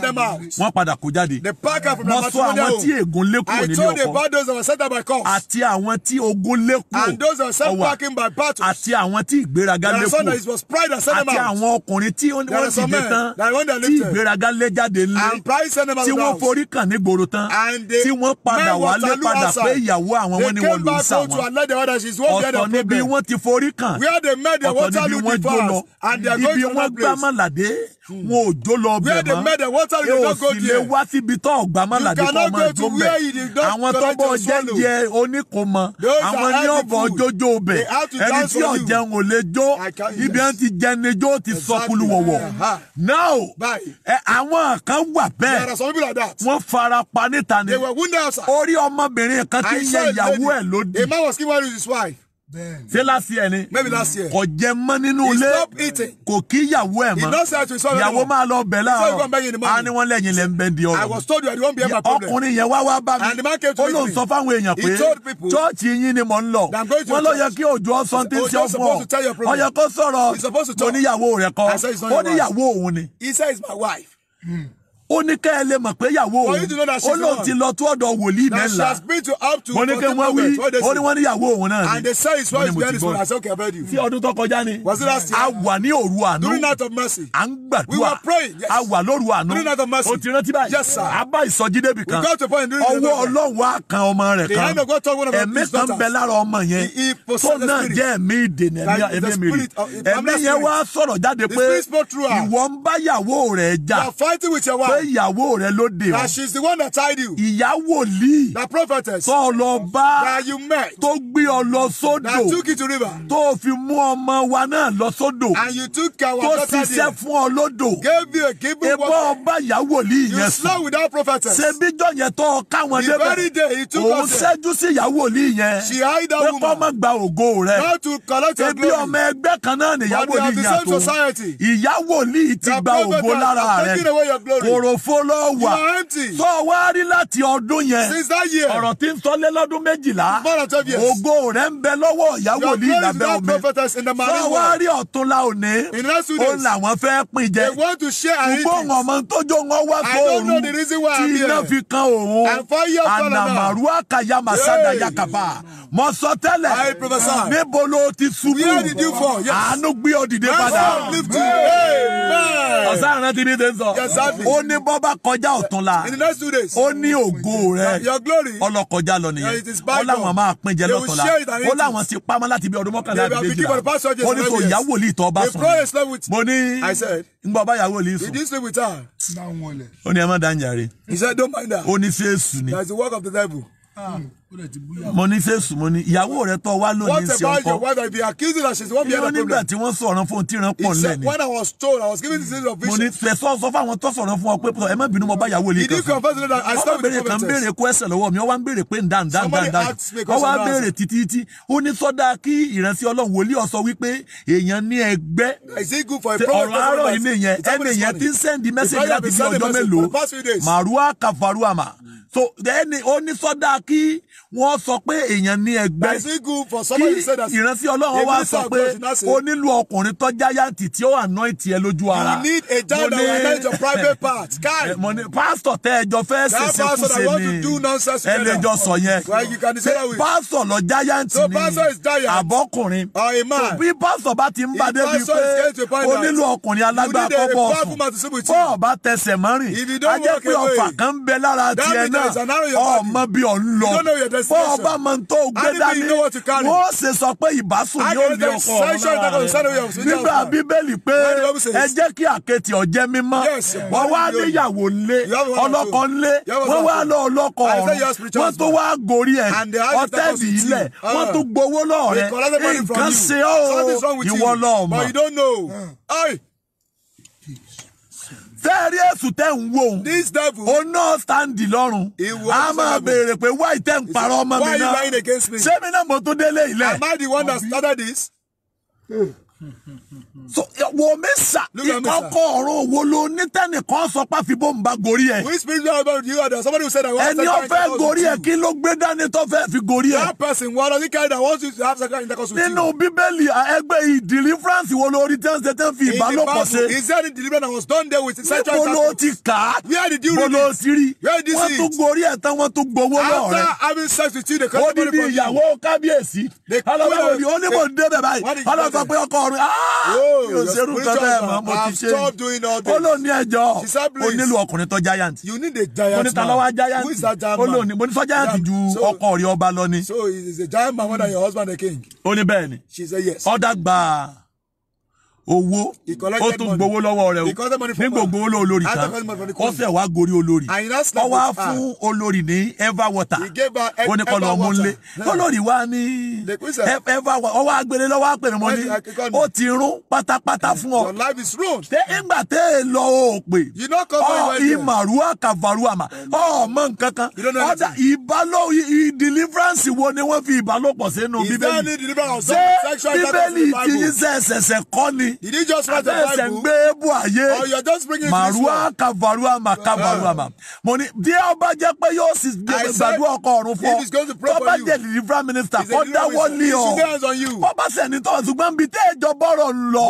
them out. wọ́n padà kó jáde. from the matrimonial home. wọ́n sọ àwọn tí ègún lé kúrò nílé ọkọ. were sent out by court. àti àwọn tí ogun lé kúrò. and those that sent packing by battles. àti àwọn tí ìgbéraga lé kúrò. was pride that sent out. àti àwọn ọkùnrin tí wọ́n ti dé tán. tí ìgbéraga lé jáde lé. and pride sent them tí wọ́n forí kàn ní gbòòrò tán. and they padà wálé padà pé ìyàwó àwọn wọn ni wọ́n lù ú sá wọn. ọ̀tọ̀ níbi wọ́n ti forí kàn ọ̀tọ̀ níbi wọ́n jó lọ ibi wọ́n gbá màlàdé wọn ò jó lọ bẹ̀ mọ́ yóò sì lè wá síbi tó ọ̀gbà má làdí kọ́ ọmọ ẹ̀jọ́ bẹ̀ àwọn tọ́gbọ́ jẹ́jẹ́ oníkòmọ àwọn ní ọ̀bọ̀ jójó bẹ̀ ẹni tí ọ̀jẹun ò lè jó ibi ẹni tí jẹni jó ti sọkulu wọ̀wọ̀ now àwọn kan wà bẹ́ẹ̀ wọ́n fara pa níta ni orí ọmọbìnrin kan ti ń yẹ ìyàwó ẹ̀ lódì ṣé last year ni. maybe last year. kò jẹ mọ́ nínú ilé. he stop eating. kò kí ìyàwó ẹ̀ mọ́. he no say to his son. ìyàwó máa lọ bẹ̀ láàárọ̀. so he go beg you in the morning. a ní wọ́n lẹ́yìn lẹ́ ń bẹ́ di ọ̀rọ̀. I was told you are the one behind my problem. ọkùnrin yẹn wá wá bá mi. and the man came to meet me. ó lóun sọ fáwọn èèyàn pé. he told people. chọ́ọ̀chì yín ni mò ń lọ. that I'm going to church. wọ́n ló yẹ kí òjò ọ̀sán tí ń ṣe ọ̀fọ̀. ó yẹ kó sọ̀rọ̀. he's supposed to tell your problem. ó yẹ kó sọ̀rọ̀. mo níyàwó rẹ̀ kọ́. I said it's not your wife. ó níyàwó òun ni. he said it's my wife. Hmm ó ní kẹ́ ẹ lè mọ̀ pé ìyàwó òun ó lóun ti lọ tó ọ̀dọ̀ wòlíì mẹ́la mo ní kí wọ́n wí ó ní wọ́n ní ìyàwó òun náà ni wọ́n ní mo ti gbọ́ tí ọdún tó kọjá ni a wà ní òru àánú à ń gbàdúrà a wà lóru àánú o ti rántí báyìí a bá ìsọjí débi kan ọwọ́ ọlọ́run wá kan ọmọ rẹ̀ kan ẹ̀mí kan bẹ lára ọmọ yẹn tó náà jẹ́ ẹ̀mí ìdènà ẹ̀mí mi rí ẹ̀mí yẹn wá sọ̀rọ̀ jáde pé ìwọ ń bá ìyàwó rẹ̀ jà pé pé ìyàwó rẹ ló dè that she is the one that tied you. ìyá wòlíì. the prophetess. tó lọ bá. that you met. tó gbé ọ lọ sódò. that took you to river. tó fi mú ọmọ wa náà lọ sódò. and you took our daughter there. tó ṣiṣẹ́ fún ọ lódò. gave you a given word. ebó ọba ìyá wòlíì yẹn sùn. you slept with that prophetess. ṣebí jọ yẹn tó káwọn débẹ̀. the very day he took us there. òun ṣẹ́jú sí ìyá wòlíì yẹn. she hid that woman. pé kọ́ má gba ògo rẹ. not to collect her glory. ebi ọmọ ẹgbẹ́ kan náà nìyá wòlíì yàtọ̀. but they are the same society. ìyá wòlíì ti gba ògo lára rẹ. kòrò òfo lọ your aunty. sọ wá rí láti ọdún yẹn. since that year. ọ̀rọ̀ tí ń sọlé lọ́dún méjìlá. four and twelve years. ògo rẹ̀ ń bẹ lọ́wọ́ ìyàwó ní ìlàbẹ́ omi. your praise is that in the marine world. sọ wá rí ọ̀túnla òní. in the next two days. òun làwọn fẹ́ pín jẹ. they want to share our eating. ṣùgbọ́n ọmọ tójó wọn wá kó òru. I don't know the reason why I'm here. tí iná fi kan òun. and four years ago now. ànàmàrú àkàyà màsádà yakaba. mo sọ tẹ́lẹ̀. I prophesy. níbo ní bọ́bá kọjá ọ̀túnla ó ní ògo rẹ ọlọ́kọjá lọ nìyẹn ó láwọn máa pín jẹ lọ́tọ̀la ó láwọn ti pamọ́ láti bí ọdún mọ́kànlá àbí méjìlá ó ní kò yá wòlíì tó bá sùn mo ní ngbọ́ bá yà wòlíì sùn ó ní ẹ má dáńjà rè ó ní fèsù ni. Ah. mo ní fèsù mo ní ìyàwó rẹ tọ wá lónìí sí ọkọ ìyàwó nígbà tí wọ́n sọ̀rọ̀ fún tíran pọ̀ nílẹ̀ ni mo ní fẹsọ sọ fún àwọn tó sọ̀rọ̀ fún ọ pé ẹ má bínú mo bá ìyàwó ilé kan sọ ọmọ béèrè kan béèrè kó ẹsẹ̀ lọ́wọ́ mi ọ wá ń béèrè pé ndan ndan ndan ndan ọ wá béèrè títí títí ó ní sọdá kí ìrántí Ọlọ́run wòlíì ọ sọ wípé èèyàn ní ẹgbẹ́ ọ̀rọ̀ àárọ̀ ilé yẹn ẹni yẹn ti ń sẹ́ndí mẹ́sẹ̀gì láti bí ọjọ́ mélòó màrúwá kàfàrúwàmà so then ó ní sọ́dá kí wọ́n sọ pé èèyàn ní ẹgbẹ́ kí ìrántí ọlọ́run wá sọ pé ó nílò ọkùnrin tó jáyàntì tí ó anoint ẹ lójú ara. you need a child that will manage your private part. kai mo ní pásítọ̀ tẹ́ ẹjọ́ fẹ́ ṣèṣe kú ṣe ni ẹ lè jọ sọ yẹn ṣe pásítọ̀ lọ jáyàntì ni àbọ̀kùnrin bí pásítọ̀ bá ti ń bá débi pé ó nílò ọkùnrin alágbàá kọ́kọ́ ọ̀sùn bọ́ọ̀ bá tẹsẹ̀ mọ́rin ajẹ́ pé ọ̀fà kan ń bẹ lára tiẹ̀ náà náà ọmọ bí ọ̀ ń lọ bọ́ ọba máa ń tó gbé dání wọ́n ṣe sọ pé ìbásùn yóò lé ọkọ̀ ọ̀hún nígbà bíbélì pé ẹ jẹ́ kí àkẹ́tì ọ̀jẹ́ mímọ́ wọ́n wá níyàwó lé ọlọ́kọ lé wọ́n wá lọ ọlọ́kọ ọ̀run wọ́n tó wá gorí ẹ̀ ọ̀tẹ́ẹ̀lì ilẹ̀ wọ́n tó gbowó lọ́ọ̀rẹ́ nǹkan ṣe ọ́ ìwọ lọ́ọ̀mọ́ sẹ́ẹ̀rí èsù tẹ̀ ń wò ó. this devil. ó ná sáǹdì lọ́rùn. ìwọ sábà. a máa béèrè pé why tẹ̀ ń parọ́ ọmọ mi náà. why you lying against me. ṣé mi náà mo tún délé ilẹ̀. am I the one that started this? Hmm wo mesa ìkọ̀kọ̀ ọ̀rọ̀ òwò ló ní tẹ́nìkan sọ pé àfibó ń ba gorí ẹ̀. E. Who is speaking about you and somebody who said that. And to. ẹni ọ̀fẹ́ gorí ẹ̀ kí ló gbé dání tó fẹ́ fi gorí ẹ̀. E? that person what are lọ́sí carry that wants to have sexual intercourse with you. nínú bíbélì I ìdìlífrance wo lórí tẹ́ǹsẹ̀ tẹ́ fi ìbálòpọ̀ ṣe. he said the deliverance that was done there with sexual intercourse. níbo ló ti kà where did you read it. bolo siri. where did you see it. wọ́n tún gorí ẹ̀ tán wọ́n tún gbowó lọ́ọ̀rẹ́. after having sex with you they come to Ah yóò ṣerú kan bẹ́ẹ̀ mọ́ mo ti ṣe ó lò ní ẹjọ́ ó nílò ọkùnrin tó giant mo ní talọ́wọ́ giant ó lò ní mo ní sọ giant ju ọkọ rẹ̀ ọba lọ ni ó ní bẹ́ẹ̀ ni ọ̀dà gbàá owó ó tún gbowó lọ́wọ́ rẹ̀ o nígbà gbowó lọ olórí kan ó sẹ̀ wá gorí olórí ó wá fún olórí ní ever water ó ní kọ́ lọ́ọ́ mú lé olórí wa ní ever water ó wá gbélé lọ́wọ́ àpèrè mọ́ ní ó ti rún pátápátá fún ọ tẹ ńgbà tẹ ẹ lọ òpè ọ ìmàrú àkàvàrú àmà ọ mọ nǹkan kan ọ̀dà ìbálò deliverance wo ni wọ́n fi ìbálòpọ̀ sínú bíbélì ṣé bíbélì ti yín sẹ́sẹ̀sẹ̀ kọ́ ni. Did you just want the Bible? Abẹ́sẹ̀ ń gbé ébù ayé. Or oh, you're just bringing Marua, this one? Màrúwá kàvarúwá mà kàvarúwá mà. Mo ní bí ó bá jẹ́ pé yóò sì gbàdúrà ọkọ ọ̀run fún ọ. Tó bá jẹ́ deliverance minister, kó dáwọ́ lé ọ. Kó bá sẹ̀ni tọ́ ṣùgbọ́n bí tẹ́ ìjọbọ̀rọ̀ lọ.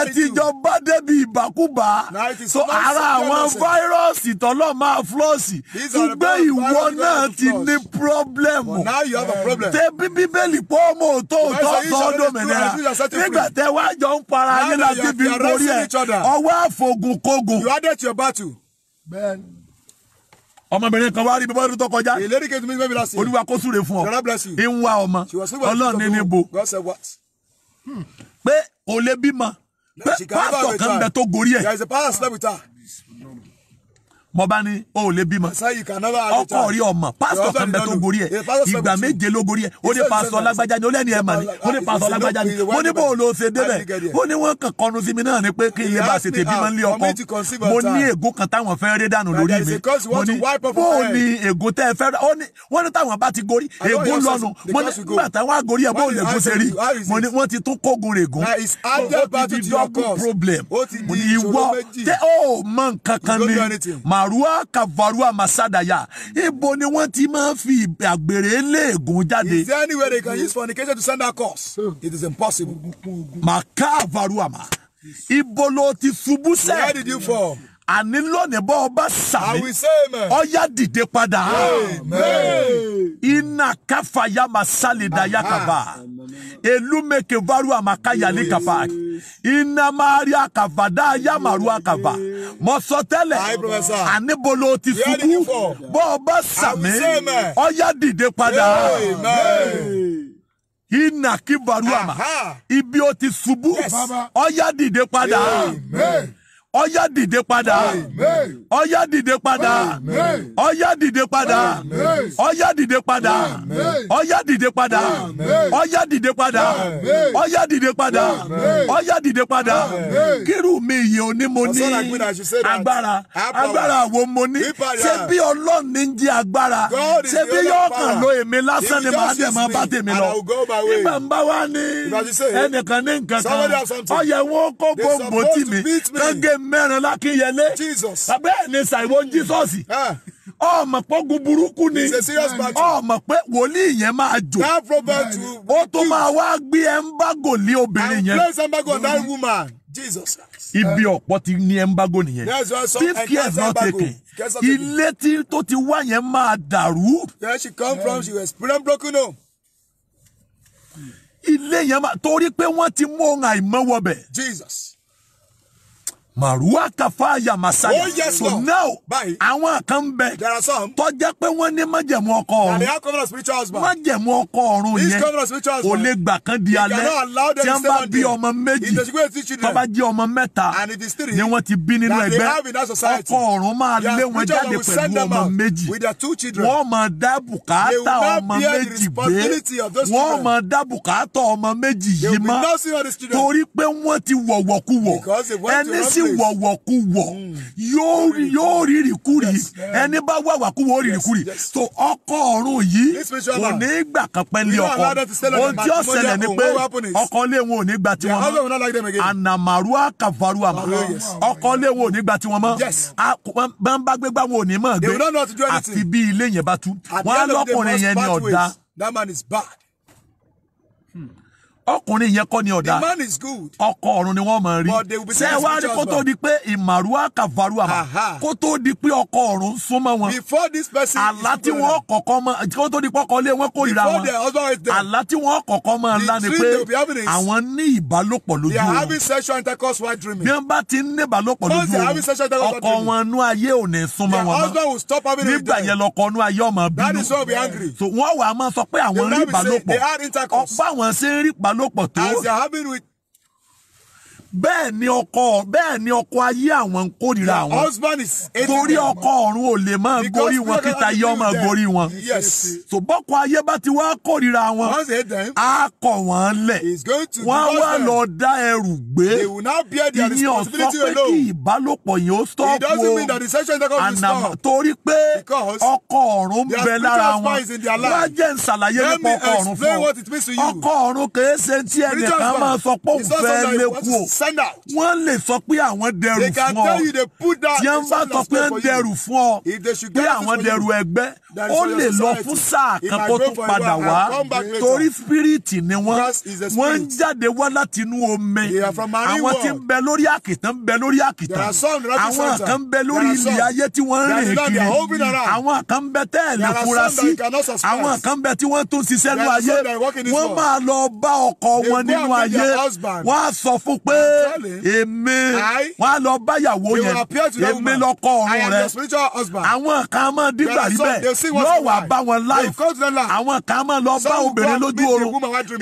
Ẹ ti jọba débi ìbákúbá. So ara àwọn fáírọ́ọ̀sì tọ́lọ́ máa flọ́ọ̀sì. Ṣùgbọ́n ìwọ náà ti ní pírọ́blẹ̀mù. Tẹ bíbélì pọ́ ọmọ òtó òtó ọ̀tọ̀ ọdún mẹ́rin. Nígbà tẹ wá jọ ń pa ara yín la ti fi borí ẹ ọwọ́ àfọgùnkógùn. you added to your battle. bẹ́ẹ̀ni ọmọbìnrin kan wá rí bíbọ́ ọdún tó kọjá olúwa kó súre fún ọ ìwà ọmọ ọlọ́run ní níbo hmm. pé ò lè bímọ pé pásítọ̀ kan bẹ tó gorí ẹ̀ mo bá ní o ò lè bímọ ọkọ rí ọmọ pásítọ kan bẹ tó gorí ẹ ìgbà méje ló gorí ẹ ó ní pásítọ lágbájá ni ó lẹ́ni ẹ̀ mà ní ó ní pásítọ lágbájá ni mo ní bó o lọ ṣe débẹ̀ ó ní wọ́n kàn kọnu sí mi náà ni pé kí iye bá ṣe tèmi ah, máa ń lé ọkọ mo ní ègún kan táwọn fẹ́ rí dànù lórí mi mo ní bó o ní ègún tẹ́ ẹ fẹ́ wọ́n ní táwọn bá ti gorí ègún lọ́nu mo ní nígbà táwọn àgórí ẹ bó o lè gún ṣe rí mo ní wọ́n ti tún kógun rè problem mo ní ìwọ tẹ́ ó mọ nǹkan kan màrúwà kàvarúwà màsádàyà ibo ni wọ́n ti máa ń fi àgbèrè léègùn jáde. is there any way they can use fornication to send that course? it is impossible. màkà àvarúwà mà ibo ló ti ṣubú sẹ́ẹ̀. where did you fall? àní lónìí bọ́ ọba sàmì ọ̀yá dìde padà iná káfàyà màsálìdá yàkàbà elúmeke varu àmàkáyàlì kàfà iná mari àkàvàdá ayámàrú àkàvà mọ̀sọ̀tẹ́lẹ̀ àníbolo ti sukú bọ́ ọba sàmì ọ̀yá dìde padà iná kí varu àmà ibi ó ti ṣubú ọ̀yá dìde padà. Amen ọyá dìde padà ọyá dìde padà ọyá dìde padà ọyá dìde padà ọyá dìde padà ọyá dìde padà ọyá dìde padà ọyá dìde padà kírù mi yìí ò ní mo ní agbára agbára wo mo ní ṣé bí ọlọ́run ní jẹ́ agbára ṣé bí yóò kàn ló èmi lásán ni màá dẹ̀ máa bá tèmi lọ nígbà ń bá wá ní ẹnìkan ní nǹkan kan ọyẹ wọn kó gbogbo tì mí kán mẹ́rin lákínyẹlé. Jesus. bẹ́ẹ̀ ni ṣàìwọ́ Jesus. Ah. ọmọ pọ́gun burúkú ni ọmọ pé wòlíì yẹn máa jò ó tó máa wá gbé ẹ̀ńbágò lé obìnrin yẹn. and place embargo that woman. Jesus. Ibi ọ̀pọ̀ ti ní ẹ̀ńbágò nìyẹn. If care is not taken, ilé tí tó ti wá yẹn máa dàrú. Yes, she come yeah. from, she was broken broken home. Ilé yẹn máa torí pé wọ́n ti mú ohun àìmọ́wọ́ bẹ̀. Jesus màrúwà káfáyà masaya. oh yes lord so now àwọn kan bẹ. there are some. tó jẹ́ pé wọ́n ní májẹ̀mú ọkọ ọ̀run. and spiritual husband. májẹ̀mú ọkọ ọ̀run yẹn. this covenant spiritual husband. kò lè gbà kan di alẹ́. he allow them to stay on day. tí wọ́n bá bí ọmọ méjì. he bá jẹ́ ọmọ mẹ́ta. and it is three. ni wọ́n ti bí nínú ẹgbẹ́. they have in that society. ọkọ ọ̀run máa lé wọn jáde pẹ̀lú ọmọ méjì. with their two children. wọ́n máa dá bùkátà ọmọ méjì gbé. wọ́n máa dá bùkátà ọmọ méjì yìí mọ́. torí pé wọ́n ti wọ̀wọ̀kuwọ̀. because they want to sì wọ̀wọ̀ mm. yóò rí ẹni bá wà wà kú wọ̀ ọkọ ọ̀run yìí kò ní gbà kan pẹ́lẹ́ ọkọ ohun tí ó ṣẹlẹ̀ ni pé ọkọ ilé wọn ò ní gba tiwọn mọ́ ànàmàrú àkàfàrú àmọ́ oh, ọkọ ilé wọn ò ní gba tiwọn mọ́ bá wọn ò ní mọ̀ gbé àfi bí ilé yẹn bá tú wọn á lọ́kùnrin yẹn ni ọ̀dà. man ọkùnrin yẹn kọ́ ni ọ̀dà ọkọ ọ̀run ni wọ́n máa rí ṣé wàá rí kó tó di pé ìmàrúwá kàvarúwà mà kó tó di pé ọkọ ọ̀run súnmọ́ wọn àlá tí wọ́n kọ̀kọ́ mọ́ kó tó di pọ́kọ lé wọn kórìíra wọn àlá tí wọ́n kọ̀kọ́ mọ́ ńlá ni pé àwọn ní ìbálòpọ̀ lójú wọn bí wọ́n bá ti ń ní ìbálòpọ̀ lójú wọn ọkọ wọn nú ayé ò ní súnmọ́ wọn mọ́ nígbà yẹn lọkọ nú ayé ọmọ bínú wọ́n wà á máa sọ pé àwọn rí ìbálòpọ̀ ọ̀pọ̀ no kpɔtɔ. as you having with bẹ́ẹ̀ ni ọkọ bẹ́ẹ̀ ni ọkọ ayé àwọn kórìíra àwọn. husband is hating torí ọkọ ọ̀run ò lè máa gorí wọn kíta yé ọmọ gorí wọn. yes. so bọ́kọ ayé bá ti wá kórìíra wọn. once they them. a kọ̀ wọ́n lẹ̀. he going to wọ́n wá lọ dá ẹrù gbé. they will now bear their responsibility alone. ìyẹn ọ̀sọ́ pé kí ìbálòpọ̀ yẹn ó stọ́ọ̀pù o. it doesn't mean that the sexual intercourse is stopped. torí pé ọkọ ọ̀run ń bẹ lára wọn. their spiritual in their life. wọ́n jẹ́ nsàlàyé nípa ọkọ ọ̀run fún me explain what it means to you. ọkọ ọ̀run kì í ṣe tí ẹnìkan máa sọ pé òun fẹ́ lékú o send out. wọ́n lè sọ pé àwọn dẹrù fún ọ. they can tell you they put down. tí wọ́n bá sọ pé wọ́n dẹrù fún ọ. if they should get this money. pé àwọn dẹrù ẹgbẹ́. ó lè lọ fún sáà kan kó tó padà wá. torí spirit ni wọ́n. wọ́n ń jáde wá láti inú omi. àwọn tí ń bẹ lórí àkìtàn ń bẹ lórí àkìtàn. àwọn kan ń bẹ lórí ilẹ̀ ayé tí wọ́n ń rìn kiri. àwọn kan ń bẹ tẹ́ẹ̀lẹ̀ fura sí. àwọn kan ń bẹ tí wọ́n tún ṣiṣẹ́ nínú ayé. wọ́n máa lọ bá ọkọ wọn nínú ayé. wọ́n á sọ fún pé èmi wọn á lọ báyàwó yẹn èmi lọ́kọ ọ̀run rẹ àwọn kan máa dìgbà rí yóò wá bá wọn live àwọn kan máa lọ bá obìnrin lójú oorun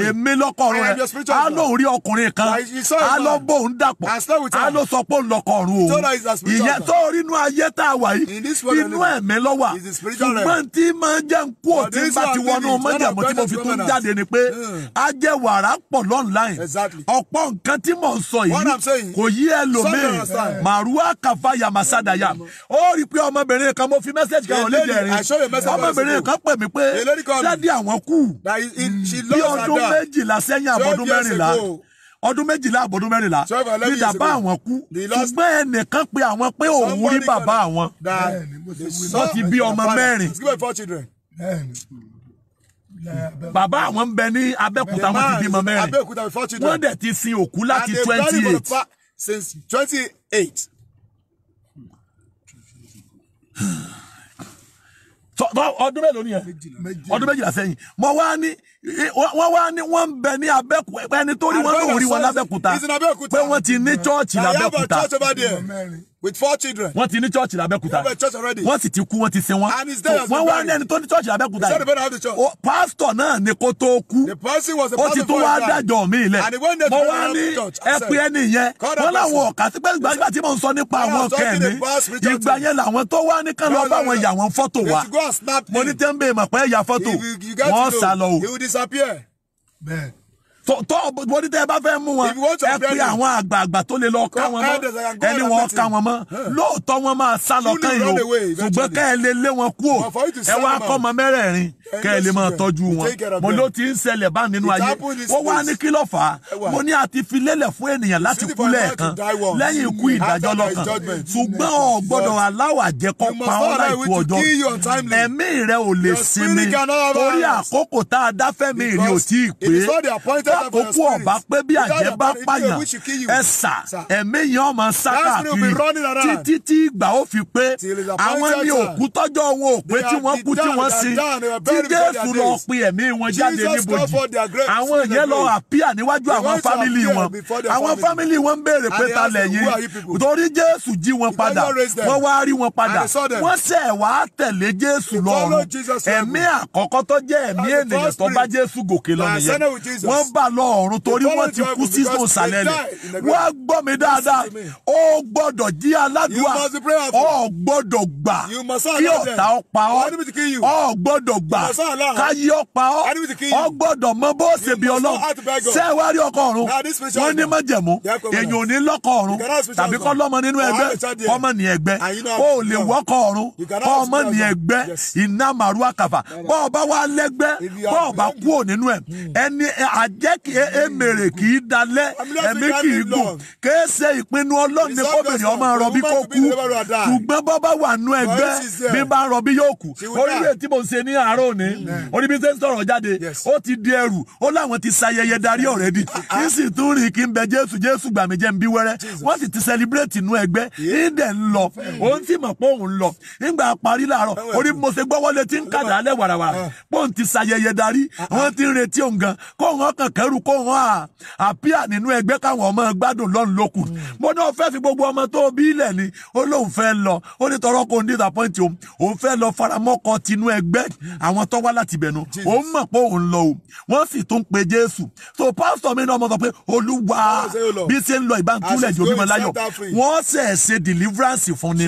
èmi lọ́kọ ọ̀run rẹ á lọ rí ọkùnrin kan á lọ bó ń dàpọ̀ á lọ sọ pé ó lọ́kọ ọ̀run o ìyẹn tó rí inú ayé tá a wà yìí inú ẹ̀mí lọ́wà ṣùgbọ́n tí máa jẹ́ ń kú òtí bá ti wọnú mọ́jàmọ́ tí mo fi tún jáde ni pé ajẹ́wàrà pọ̀ lọ́nláìn ọ̀pọ̀ nǹkan tí mò ń sọ sọ yìí kò yí ẹlòmíì màrúwà kàfà yàmásádàyà ó rí i pé ọmọbìnrin kan mo fi mẹ́sẹ̀gì kan ọ̀lẹ́ ìjẹrin ọmọbìnrin kan pè mí pé jáde àwọn kù bí ọdún méjìlá sẹ́yìn àbọ̀dún mẹ́rìnlá ọdún méjìlá àbọ̀dún mẹ́rìnlá ní bàbá àwọn kú ṣùgbọ́n ẹnìkan pé àwọn pé òun rí bàbá àwọn wọ́n ti bí ọmọ mẹ́rin bàbá àwọn ń bẹ ní abẹ́kúta wọn ti bímọ mẹ́rin wọ́n dẹ̀ ti sin òkú láti twenty eight. since twenty eight. ọdún mélòó ni yẹn ọdún méjìlá sẹ́yìn mo wá ní wọ́n wá ní wọ́n ń bẹ ní abẹ́kúta ẹni tó rí wọn lórí wọn lábẹ́kúta pé wọ́n ti ní chọ́ọ̀chì lábẹ́kúta with four children. wọ́n ti ní church l'Abẹ́òkúta. you have a church already. wọ́n sì ti kú wọ́n ti sin wọn. and his death has been buried. wọ́n wá ní ẹni tó ní church l'Abẹ́òkúta. he said the man had the church. pastor náà ni kó tó kú. the person was a pastor before he died. ó ti tún wá dájọ́ mi lẹ̀. and he went there to pray for the church. ẹ pe ẹni yẹn. wọ́n láwọn ọ̀kà sí pé gbàgbà tí mò ń sọ nípa àwọn kẹ́mi. ìgbà yẹn làwọn tó wá ní kán lọ bá wọn yà wọn fọ́tò wa. mo ní tẹ́ ń bèèmọ̀ pé ẹ̀yà fọ́tò. wọ́n sá lọ o. he will disappear. Man tọ́ wọ́n ní tẹ́ ẹ bá fẹ́ mú wọn ẹ pé àwọn àgbààgbà tó lè lọ ká wọn mọ́ ẹni wọn ká wọn mọ́ lóòótọ́ wọn máa sá lọ kán yìí o ṣùgbọ́n ká ẹ lè lé wọn kú o ẹ wá kọ́ ọmọ mẹ́rẹ̀ẹ̀rin ká ẹ lè máa tọ́jú wọn mo ló ti ń ṣẹlẹ̀ bá nínú ayé ó wá ní kí ló fà á mo ní àti fi lélẹ̀ fún ènìyàn láti kú lẹ́ẹ̀kan lẹ́yìn ikú ìdájọ́ lọ́kàn ṣùgbọ́n o gbọ́dọ̀ aláwọ̀ àjẹkọ́ pa ọ́ láìkú ọjọ́ ẹ̀mí rẹ ò lè sinmi torí àkókò tá a dá fẹ́mi rí ò tí ì pé àkókò ọ̀bá pé bí àjẹ́ bá pààyàn ẹ sà ọmọ sá káàkiri títí tí ìgbà ó fi pé àwọn ní òkú tọ́jọ́ wọn ò tí wọ́n kú tí wọ́n sin tí Jésù lọ pin ẹ̀mí wọn jáde níbojì àwọn yẹn lọ àpíà níwájú àwọn fámìlì wọn àwọn fámìlì wọn ń béèrè pé ta lẹ́yìn torí Jésù jí wọn padà wọ́n wá rí wọn padà wọ́n sẹ̀ wá tẹ̀lé Jésù lọ́run ẹ̀mí àkọ́kọ́ tó jẹ́ ẹ̀mí ènìyàn tó bá Jésù gòkè lọ nìyẹn wọ́n bá máa lọ ọ̀run torí wọ́n ti kú sísun ìsàlẹ̀ rẹ̀ wọ́n gbọ́ mi dáadáa ó gbọ́dọ̀ jí aládùúgbà ó gbọ́dọ̀ gbà kí ọ̀tá ó pa ọ́ ó gbọ́dọ̀ gbà káyé ó pa ọ́ ó gbọ́dọ̀ mọ bó ṣe bí ọlọ́run ṣé wá rí ọkọ ọ̀run wọ́n ní májẹ̀mú èèyàn ò ní lọ́kọ ọ̀run tàbí kọ́ lọ́mọ nínú ẹgbẹ́ kọ́mọ ní ẹgbẹ́ ó lè wọ́kọ ọ̀run kọ́mọ ní ẹgbẹ́ iná màrú àkàfà bọ́ọ̀ bá wà lẹ́gbẹ́ bọ́ọ̀ bá kú ò nínú ẹ̀ hmm. ẹni àjẹ́ e emere ka í dalẹ̀ ẹ̀mí kì í gùn kì í ṣe ìpinnu ọlọ́run ní kóbìnrin ọmọ rọbí kó kú ṣùgbọ́n bọ́ bá wà nú ẹgbẹ́ bí bá ń rọbí yóò kú oríire tí mo ṣe ní àárọ̀ òní mm. oníbi ti di láwọn ti darí ah, ah. n bẹ n bí ti mm. sẹlibireti ṣe ń kàdà ah. ti ẹrú kó hàn á àpíà nínú ẹgbẹ́ káwọn ọmọ gbádùn lọ́n lókun mm. mo náà fẹ́ fi gbogbo ọmọ tó bí ilẹ̀ ni ó lóun fẹ́ lọ ó ní tọrọ kó ní ìdàpọ́ǹtì òun òun fẹ́ lọ faramọ́kọ tinú ẹgbẹ́ àwọn tó wá láti bẹ̀nu òun mọ̀ pé òun lọ o wọ́n sì tún pe Jésù tó pásítọ̀ mi náà mọ̀ sọ pé Olúwa bí ṣe ń lọ ìbánkúlẹ̀ jò bímọ láyọ̀ wọ́n ṣẹ̀ ṣe deliverance fún ni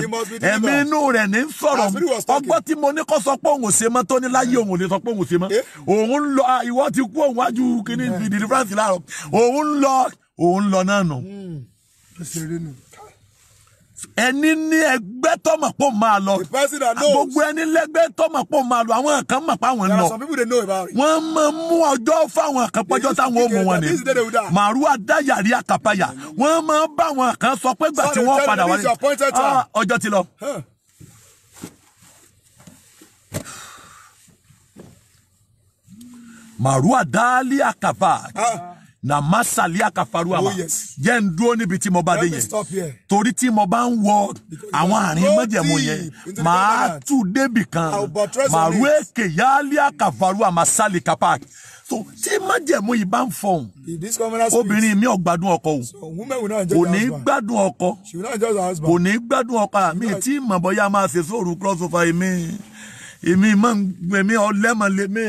ẹ̀mí inú rẹ̀ ní sọ̀rọ̀ ọgbọ́n tí mo ní kọ́ sọ pé òun ò ṣe mọ́ tó ní láyé òun ò lè sọ pé òun ò ṣe mọ́ eh? òun ń lọ ah, ìwọ ti kú òun wájú kìíní fi deliverance láàárọ̀ òun lọ òun lọ náà hmm. nù. ẹni ní ẹgbẹ́ tọ́mọ̀ pò máa lọ gbogbo ẹni lẹ́gbẹ́ tọ́mọ̀ pò máa lọ àwọn kan mọ̀ páwọn lọ wọ́n máa mú ọjọ́ fáwọn kan pọ́jọ́ táwọn ò mú wọn ni màrú adáyàrí àkàpàyà wọ́n máa bá àwọn kan sọ pé gbà tí wọ́n padà wálé ah, ọjọ́ ti lọ màrúà dáálí àkàfà na masali akafaru oh, ama jẹ́ n dúró níbi tí mo bá dé yẹn torí tí mo bá ń wọ àwọn àárín mọ́jẹ̀mú yẹn màá tù débì kan màrú èkè yálé akafaru ama sali kapak so tí májẹ̀mú yìí bá ń fọhùn obìnrin mi ò gbádùn ọkọ o kò ní gbádùn ọkọ kò ah, ní gbádùn ọkọ àmì boya mọ̀bọ́yá máa ṣe sóòrù crossover èmi èmi máa ń gbẹ̀mí ọlẹ́mọ̀lẹ́mí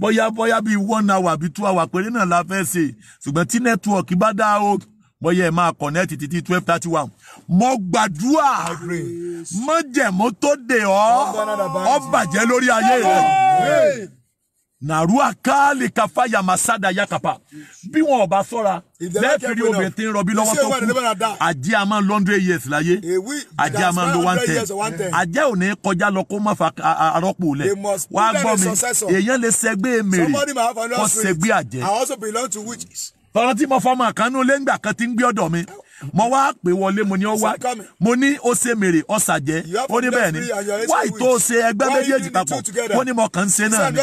bóyá bóyá bíi one hour bíi two hour péré náà la fẹ́ ṣe ṣùgbọ́n tí nẹ́tíwọ̀kì bá dá o bóyá ẹ máa kọ̀nẹ́ẹ̀tì títí twelve thirty one. mo gbàdúrà mọ̀jẹ̀mọ́ tó dè ọ́ ọ bàjẹ́ lórí ayé rẹ̀ nàrúà káàlì káfá yamasada yakapa bí wọn ò bá ṣọ́ra lẹ́ẹ̀kiri obìnrin tí ń rọbí lọ́wọ́ tó kú àjẹ́ a máa ń lọ́ndún years láyé àjẹ́ a máa ń lo one ten àjẹ́ ò ní kọjá lọ kó má fa arọ́pò lẹ̀ wá gbọ́ mi èèyàn lè sẹgbẹ́ mèrè kó sẹgbẹ́ àjẹ́ tọ́lá tí mo fọ́ ọmọ àkànnú kan ti ń gbé ọ̀dọ̀ mi mo wá pè wọlé mo ní ọ wá mo ní ó ṣe mèrè ọ ṣàjẹ́ ó ní bẹ́ẹ̀ ni wá ìtò ṣe ẹgbẹ́ méjèèjì papọ̀ ó ní mo kàn ń ṣe náà ni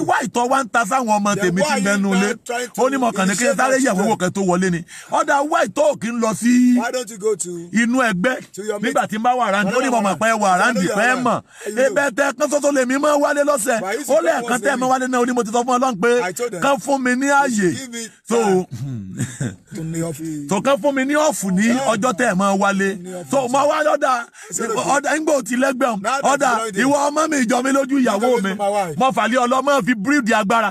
wá ìtọ́ wá ń ta sáwọn ọmọ tèmi tí mẹ́nu lé ó ní mo kàn ní kí sáré yẹ̀wò wò kẹ́ tó wọlé ni ọ̀dà wá ìtọ́ òkè ń lọ sí inú ẹgbẹ́ nígbà tí n bá wà ráńdì ó ní mo mọ̀ pé wà ráńdì pẹ́ mọ̀ ebẹ́ tẹ kán sọ́sọ́ lèmi mọ́ wálé lọ́sẹ̀ ó lẹ́ẹ̀kan off ní ọjọ́ tẹ̀ mọ́ wálé tó mọ́ wá lọ́dà ńgbò tí lẹ́gbẹ̀ọ́n ọ̀dà ìwọ ọmọ mi ìjọ mi lójú ìyàwó mi mọ fàlẹ́ ọlọ́mọ fi bíríìdì agbára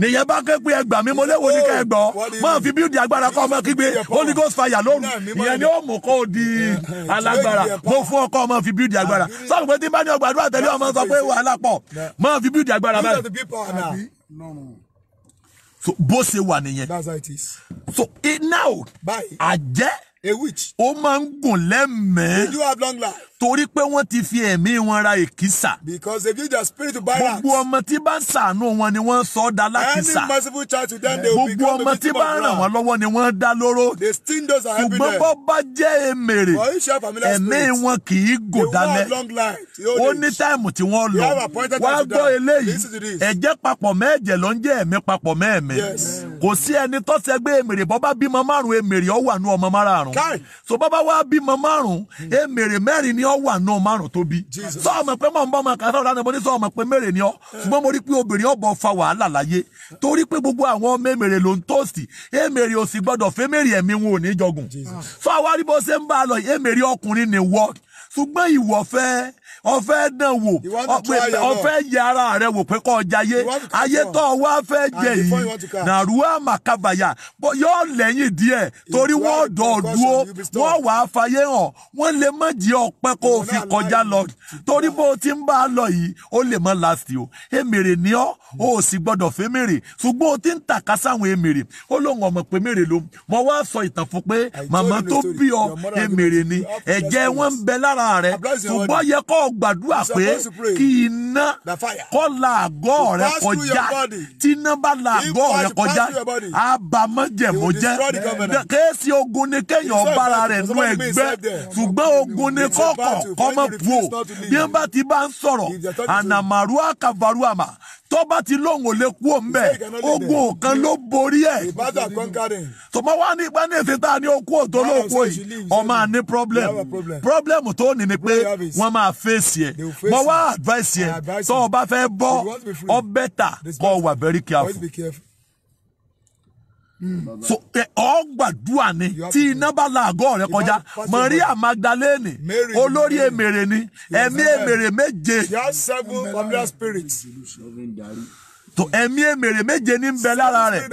nìyẹn bá ké pé ẹgbà mi mo léwo ní ká ẹgbọ máa fi bíúdì agbára kọ ọmọ kígbe holy ghost fire lóru ìyẹn ni ó mú kó o di alágbára mo fún ọkọ ọmọ fi bíúdì agbára sọ́dún pé tí bá ní ọgbà àdúrà tẹ̀lé ọmọ sọ pé wàhálà pọ̀ máa fi bíúdì agbára báyìí so bó ṣe wà nìyẹn. that's how it is. so it eh, now. bye. àjẹ́. a witch. O máa ń gùn lẹ́mẹ̀ẹ́. you do have long life torí pé wọ́n ti fi ẹ̀mí wọn ra èkìsà. because they give their spirit to barracks. gbogbo ọmọ tí bá ń ṣàánú wọn ni wọ́n sọ ọ́ da lákìsà. any merciful child to them they will become the victim of wrong. gbogbo ọmọ tí bá ń ràn wọ́n lọ́wọ́ ni wọ́n dá lóró. ṣùgbọ́n bọ́ bá jẹ́ èmèrè ẹ̀mí wọn kì í gò dalẹ̀. long life. ó ní táìmù tí wọ́n lọ. wá gbọ́ eléyìí ẹ̀jẹ̀ papọ̀ mẹ́ẹ̀jẹ̀ ló ń jẹ́ ẹ̀mí papọ̀ mẹ́ẹ̀mẹ́. kò sí ẹni tó ṣẹgbẹ́ èmèrè bọ́ bá bímọ márùn-ún èmèrè ó wà nú ọmọ márùn-ún. so bọ́ bá wá bímọ márùn-ún èmèrè mẹ́rin ni ọ wà náà márùn tó bí sọ ọmọ pé mọ̀ ń bá ọmọ kan sọ̀rọ̀ lánàá ní sọ ọmọ ni ọ ah. ṣùgbọ́n mo rí pé obìnrin ọ̀bọ̀ fa wàhálà láyé torí pé gbogbo àwọn ọmọ èmèrè ló ń tóòsì èmèrè ò sì gbọdọ̀ fẹ́ mèrè ẹ̀mí wọn ò ní jọgùn sọ ni wọ ọfẹ́ náà wò ọfẹ́ yẹ ara rẹ wò pé kọ́ jayé ayé tó wá fẹ́ jẹ yìí nàrúwà màkàbàyà yóò lẹ́yìn díẹ̀ torí wọ́n dọ̀ dúró wọ́n wàá fayé hàn wọ́n lè má kó fi kọjá lọ torí bó o ti ń bá a lọ o èmèrè ni o ò sì mèrè o ti ń tàka sọ ìtàn fún pé màmá tó ọ èmèrè ni wọn ń bẹ lára rẹ gbàdúrà pé kí iná kó la àgọ́ rẹ kọjá tí iná bá la àgọ́ rẹ kọjá àbámọ́ jẹ̀mọ́ jẹ́ kéésì ogun ni kéèyàn bára rẹ̀ nú ẹgbẹ́ ṣùgbọ́n ogun ni kọ́kọ́ kọ́mọ́ pu o bí wọ́n bá ti bá ń sọ̀rọ̀ ànàmàrú àkàbàrú àmà tó bá ti lóhùn ò lè kú òǹbẹ ogun kan ló borí ẹ tọmọ wa ní ìgbà ní èsì tá a ní okú òtó lóko yìí ọmọ àní problem problem tó ní ni pé wọn máa fèsì ẹ mo wá advice yẹ tó o bá fẹ́ bọ́ ọ bẹ́tà kó o wà very careful. Mm. so ọ gbàdúrà ni tí iná bá la àgọ́ rẹ kọjá Maria Magdalene olórí èmèrè ni ẹ̀mí èmèrè méje tó ẹ̀mí èmèrè méje ní bẹ lára rẹ̀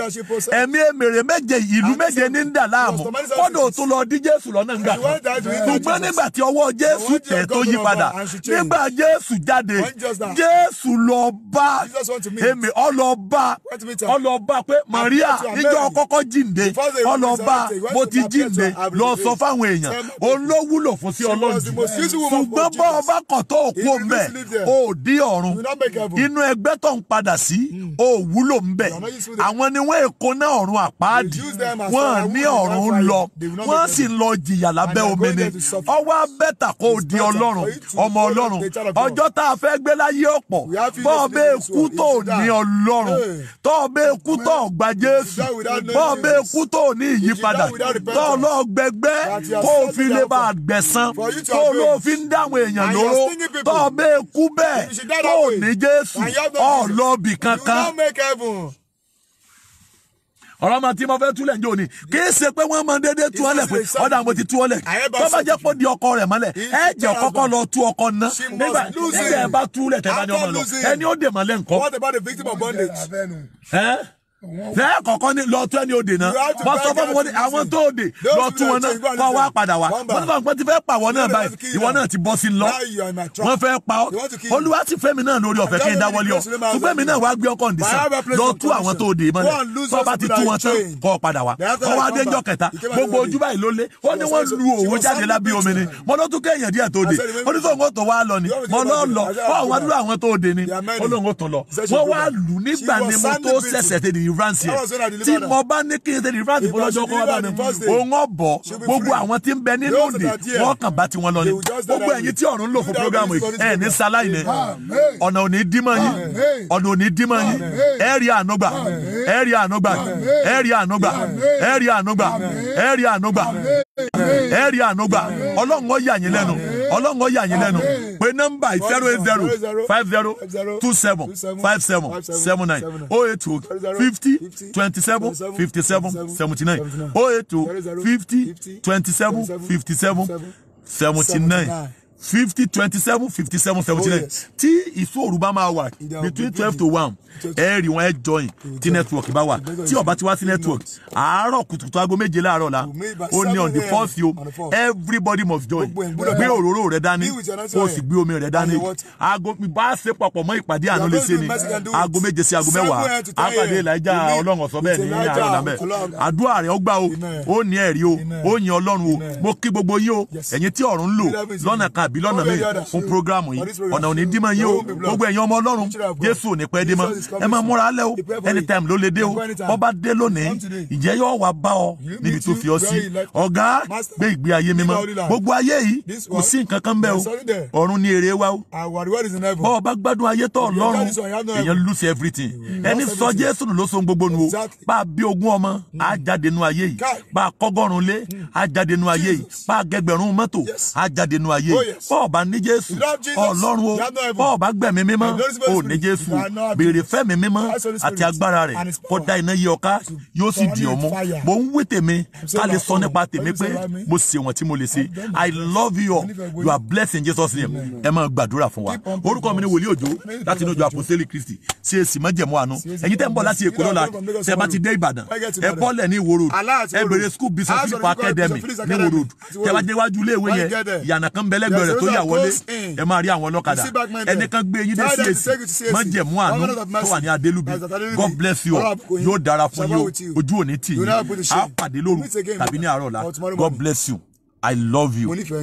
ẹ̀mí èmèrè méje ìlú méje ní dà láàmú kọ́dọ̀ tó lọ dí jésù lọ́nà ńgbà kan ṣùgbọ́n nígbà tí ọwọ́ jésù tẹ̀ tó yí padà nígbà jésù jáde jésù lọ bá èmi ọlọ́ba ọlọ́ba pé maria níjọ́ kọ́kọ́ jíǹde ọlọ́ba mo ti jíǹde lọ sọ fáwọn èèyàn olówúlò fún sí ọlọ́jù ṣùgbọ́n bá ọba kọ̀ tó òkú ọmọ ẹ̀ òdi ọ̀run inú ẹgbẹ́ tó ń padà sí Mm. ó wúlò ń bẹ̀ àwọn ni wọ́n èkó náà ọ̀run àpáàdì wọ́n ní ọ̀run lọ wọ́n sì ń lọ jìyà lábẹ́ omi ni ọwọ́ abẹ́ta kò di ọlọ́run ọmọ ọlọ́run ọjọ́ tá a fẹ́ gbé láyé ọ̀pọ̀ bọ́ ọ bẹ́ẹ̀ kú tó ní ọlọ́run tọ́ ọ bẹ́ẹ̀ kú tó gba jésù bọ́ ọ bẹ́ẹ̀ kú tó ní ìyípadà tọ́ ọ lọ́ọ́ gbẹgbẹ́ kó o fi lè bá a gbẹ̀san kó o lọ́ọ́ fi ń dáhùn èèyàn lóró tọ́ ọ bẹ́ẹ̀ kú bẹ́ẹ̀ tó ní jésù ọ̀ọ́lọ́ọ̀bì kan kan ọ̀rọ̀ máa tí mo fẹ́ túlẹ̀ ní òní kì í ṣe pé wọ́n máa dédé tú ọlẹ̀ pé ọ̀dà mo ti tú ọlẹ̀ tó bá jẹ́ pọ̀ di ọkọ rẹ̀ mọ́lẹ̀ ẹ jẹ́ kọ́kọ́ lọ tú ọkọ ná nígbà nígbà ẹ bá túlẹ̀ tẹ́ bá ní ọmọ lọ ẹni ó dè mọ́lẹ̀ nǹkan. What about the victim of bondage? fẹ́ kọ̀ọ̀kan ní lọ tún ẹni òde náà wọ́n sọ fún wọn ní àwọn tó òde lọ tún wọn náà kọ́ wá padà wá wọ́n ní fọ́n pé ti fẹ́ pa wọ́n náà báyìí ìwọ náà ti bọ́ sí lọ wọ́n fẹ́ pa ọ́ olúwa sì fẹ́ mi náà lórí ọ̀fẹ́ kí n dáwọ́lé ọ ṣùgbọ́n mi náà wá gbé ọkọ̀ ǹdí sàn lọ tún àwọn tó òde mọ́lẹ̀ tó bá ti tún wọn tán kọ́ padà wá kọ́ wá dé njọ́ kẹta gbogbo ojú báyìí ló lé ó ní wọ́n lu òwò jáde lábí omi ni mo ló tún kéèyàn deliverance yẹn tí mo bá ní kí n ṣe deliverance ìfọlọ́jọ́ kọ́ wá bá mi òun ọ̀bọ̀ gbogbo àwọn tí ń bẹ nínú òde wọ́n kàn bá tiwọn lọ ni gbogbo ẹ̀yin tí ọ̀run ń lò fún programu yìí ẹ̀ ní sáláìlẹ̀ ọ̀nà òní dímọ̀ yín ọ̀nà òní dímọ̀ yín ẹ̀rí ànúgbà ẹ̀rí ànúgbà ẹ̀rí ànúgbà ẹ̀rí ànúgbà ẹ̀rí ànúgbà ẹ̀rí ànúgbà ọlọ́run ó yà yín lẹ́nu ọlọ́run ó yà yín lẹ́nu pé nọ́mbà zero eight zero five zero two seven five seven seven nine oh eight two fifty twenty seven fifty seven seventy nine oh eight two fifty twenty seven fifty seven seventy nine fifty twenty seven fifty seven seventy nine oh, tí ìṣòro bá máa wà between twelve to one ẹ rí wọn ẹ join tí network bá wà tí ó bá ti wá sí network àárọ̀ kùtùkùtù aago méje láàárọ̀ la ó ní on the fourth yo everybody must join gbé òróró rẹ dání kó o sì gbé omi rẹ dání aago bá ṣe papọ̀ mọ́ ìpàdé àná lè ṣe ni aago méje sí aago mẹ́wàá àpàdé Elijah ọlọ́run ọ̀sọ́ bẹ́ẹ̀ ní àárọ̀ lábẹ́ àdúrà rẹ ó gbà o ó ní ẹ̀rí o ó yin ọlọ́run o mo kí gbogbo yín o ẹ̀yin tí ọ̀run lò lọ́nà kan àbí lọ́nà mi fún prógráàmù yìí ọ̀nà òní dímọ̀ yín o gbogbo ẹ̀yin ọmọ ọlọ́run Jésù ò ní pẹ́ dímọ̀ ẹ máa múra lẹ o anytime ló lè dé o bọ́ bá dé lónìí ìjẹ́ yóò wá bá ọ níbi tó fi ọ sí ọ̀gá gbé ìgbé ayé mímọ́ gbogbo ayé yìí kò sí nǹkan kan bẹ́ẹ̀ o ọ̀run ni èrè wa o bọ́ọ̀ bá gbádùn ayé tọ̀ lọ́rùn èèyàn lose everything ẹni sọ Jésù ló so gbogbo nu o bá a bí ogún ọmọ a hmm. jáde nu ayé yìí bá a kọ́gọ́rùn lé hmm. a jáde nu ayé yìí bá a gẹgbẹ̀rún mọ́tò a jáde nu ayé yìí oh, bọ́ọ̀ bá ní Jésù ọlọ́run o bọ́ọ̀ bá gbẹ̀mí mímọ́ ò ní Jésù béèrè ìfẹ́ mi mímọ́ àti agbára rẹ̀ kó da iná yí ọká yóò sì dì ọ́ mo ń wé tèmi ká lè sọ nípa tèmi pé mo ṣe wọ́n tí mo lè ṣe i love you all you are blessing in jesus name ẹ máa gbàdúrà fún wa orúkọ mi ni wòlíì òjò láti inú ìjọ àpòsílẹ̀ kristi ṣe èsì mọ́jẹ̀mú àánú ẹ̀yin tẹ́ ń bọ̀ láti èkó lọ́la tẹ́ bá ti dé ìbàdàn ẹ bọ́lẹ̀ ní ìwòrò ẹ bèrè school business philip academy ní ìwòrò tẹ́ bá dé iwájú ilé ìwé yẹn ìyànà kan bẹ́lẹ́gbẹ̀ẹ́ rẹ̀ tó yà wọlé ẹ máa rí àwọn ọlọ́kadà ẹnìkan gbé eyín dé sí èsì mọ́jẹ̀mú àánú tó wà ní adélúbi god bless you yóò dára fún yín ojú òní tì yín á pàdé lóru tàbí ní àárọ̀ ọ̀la god bless you i love you.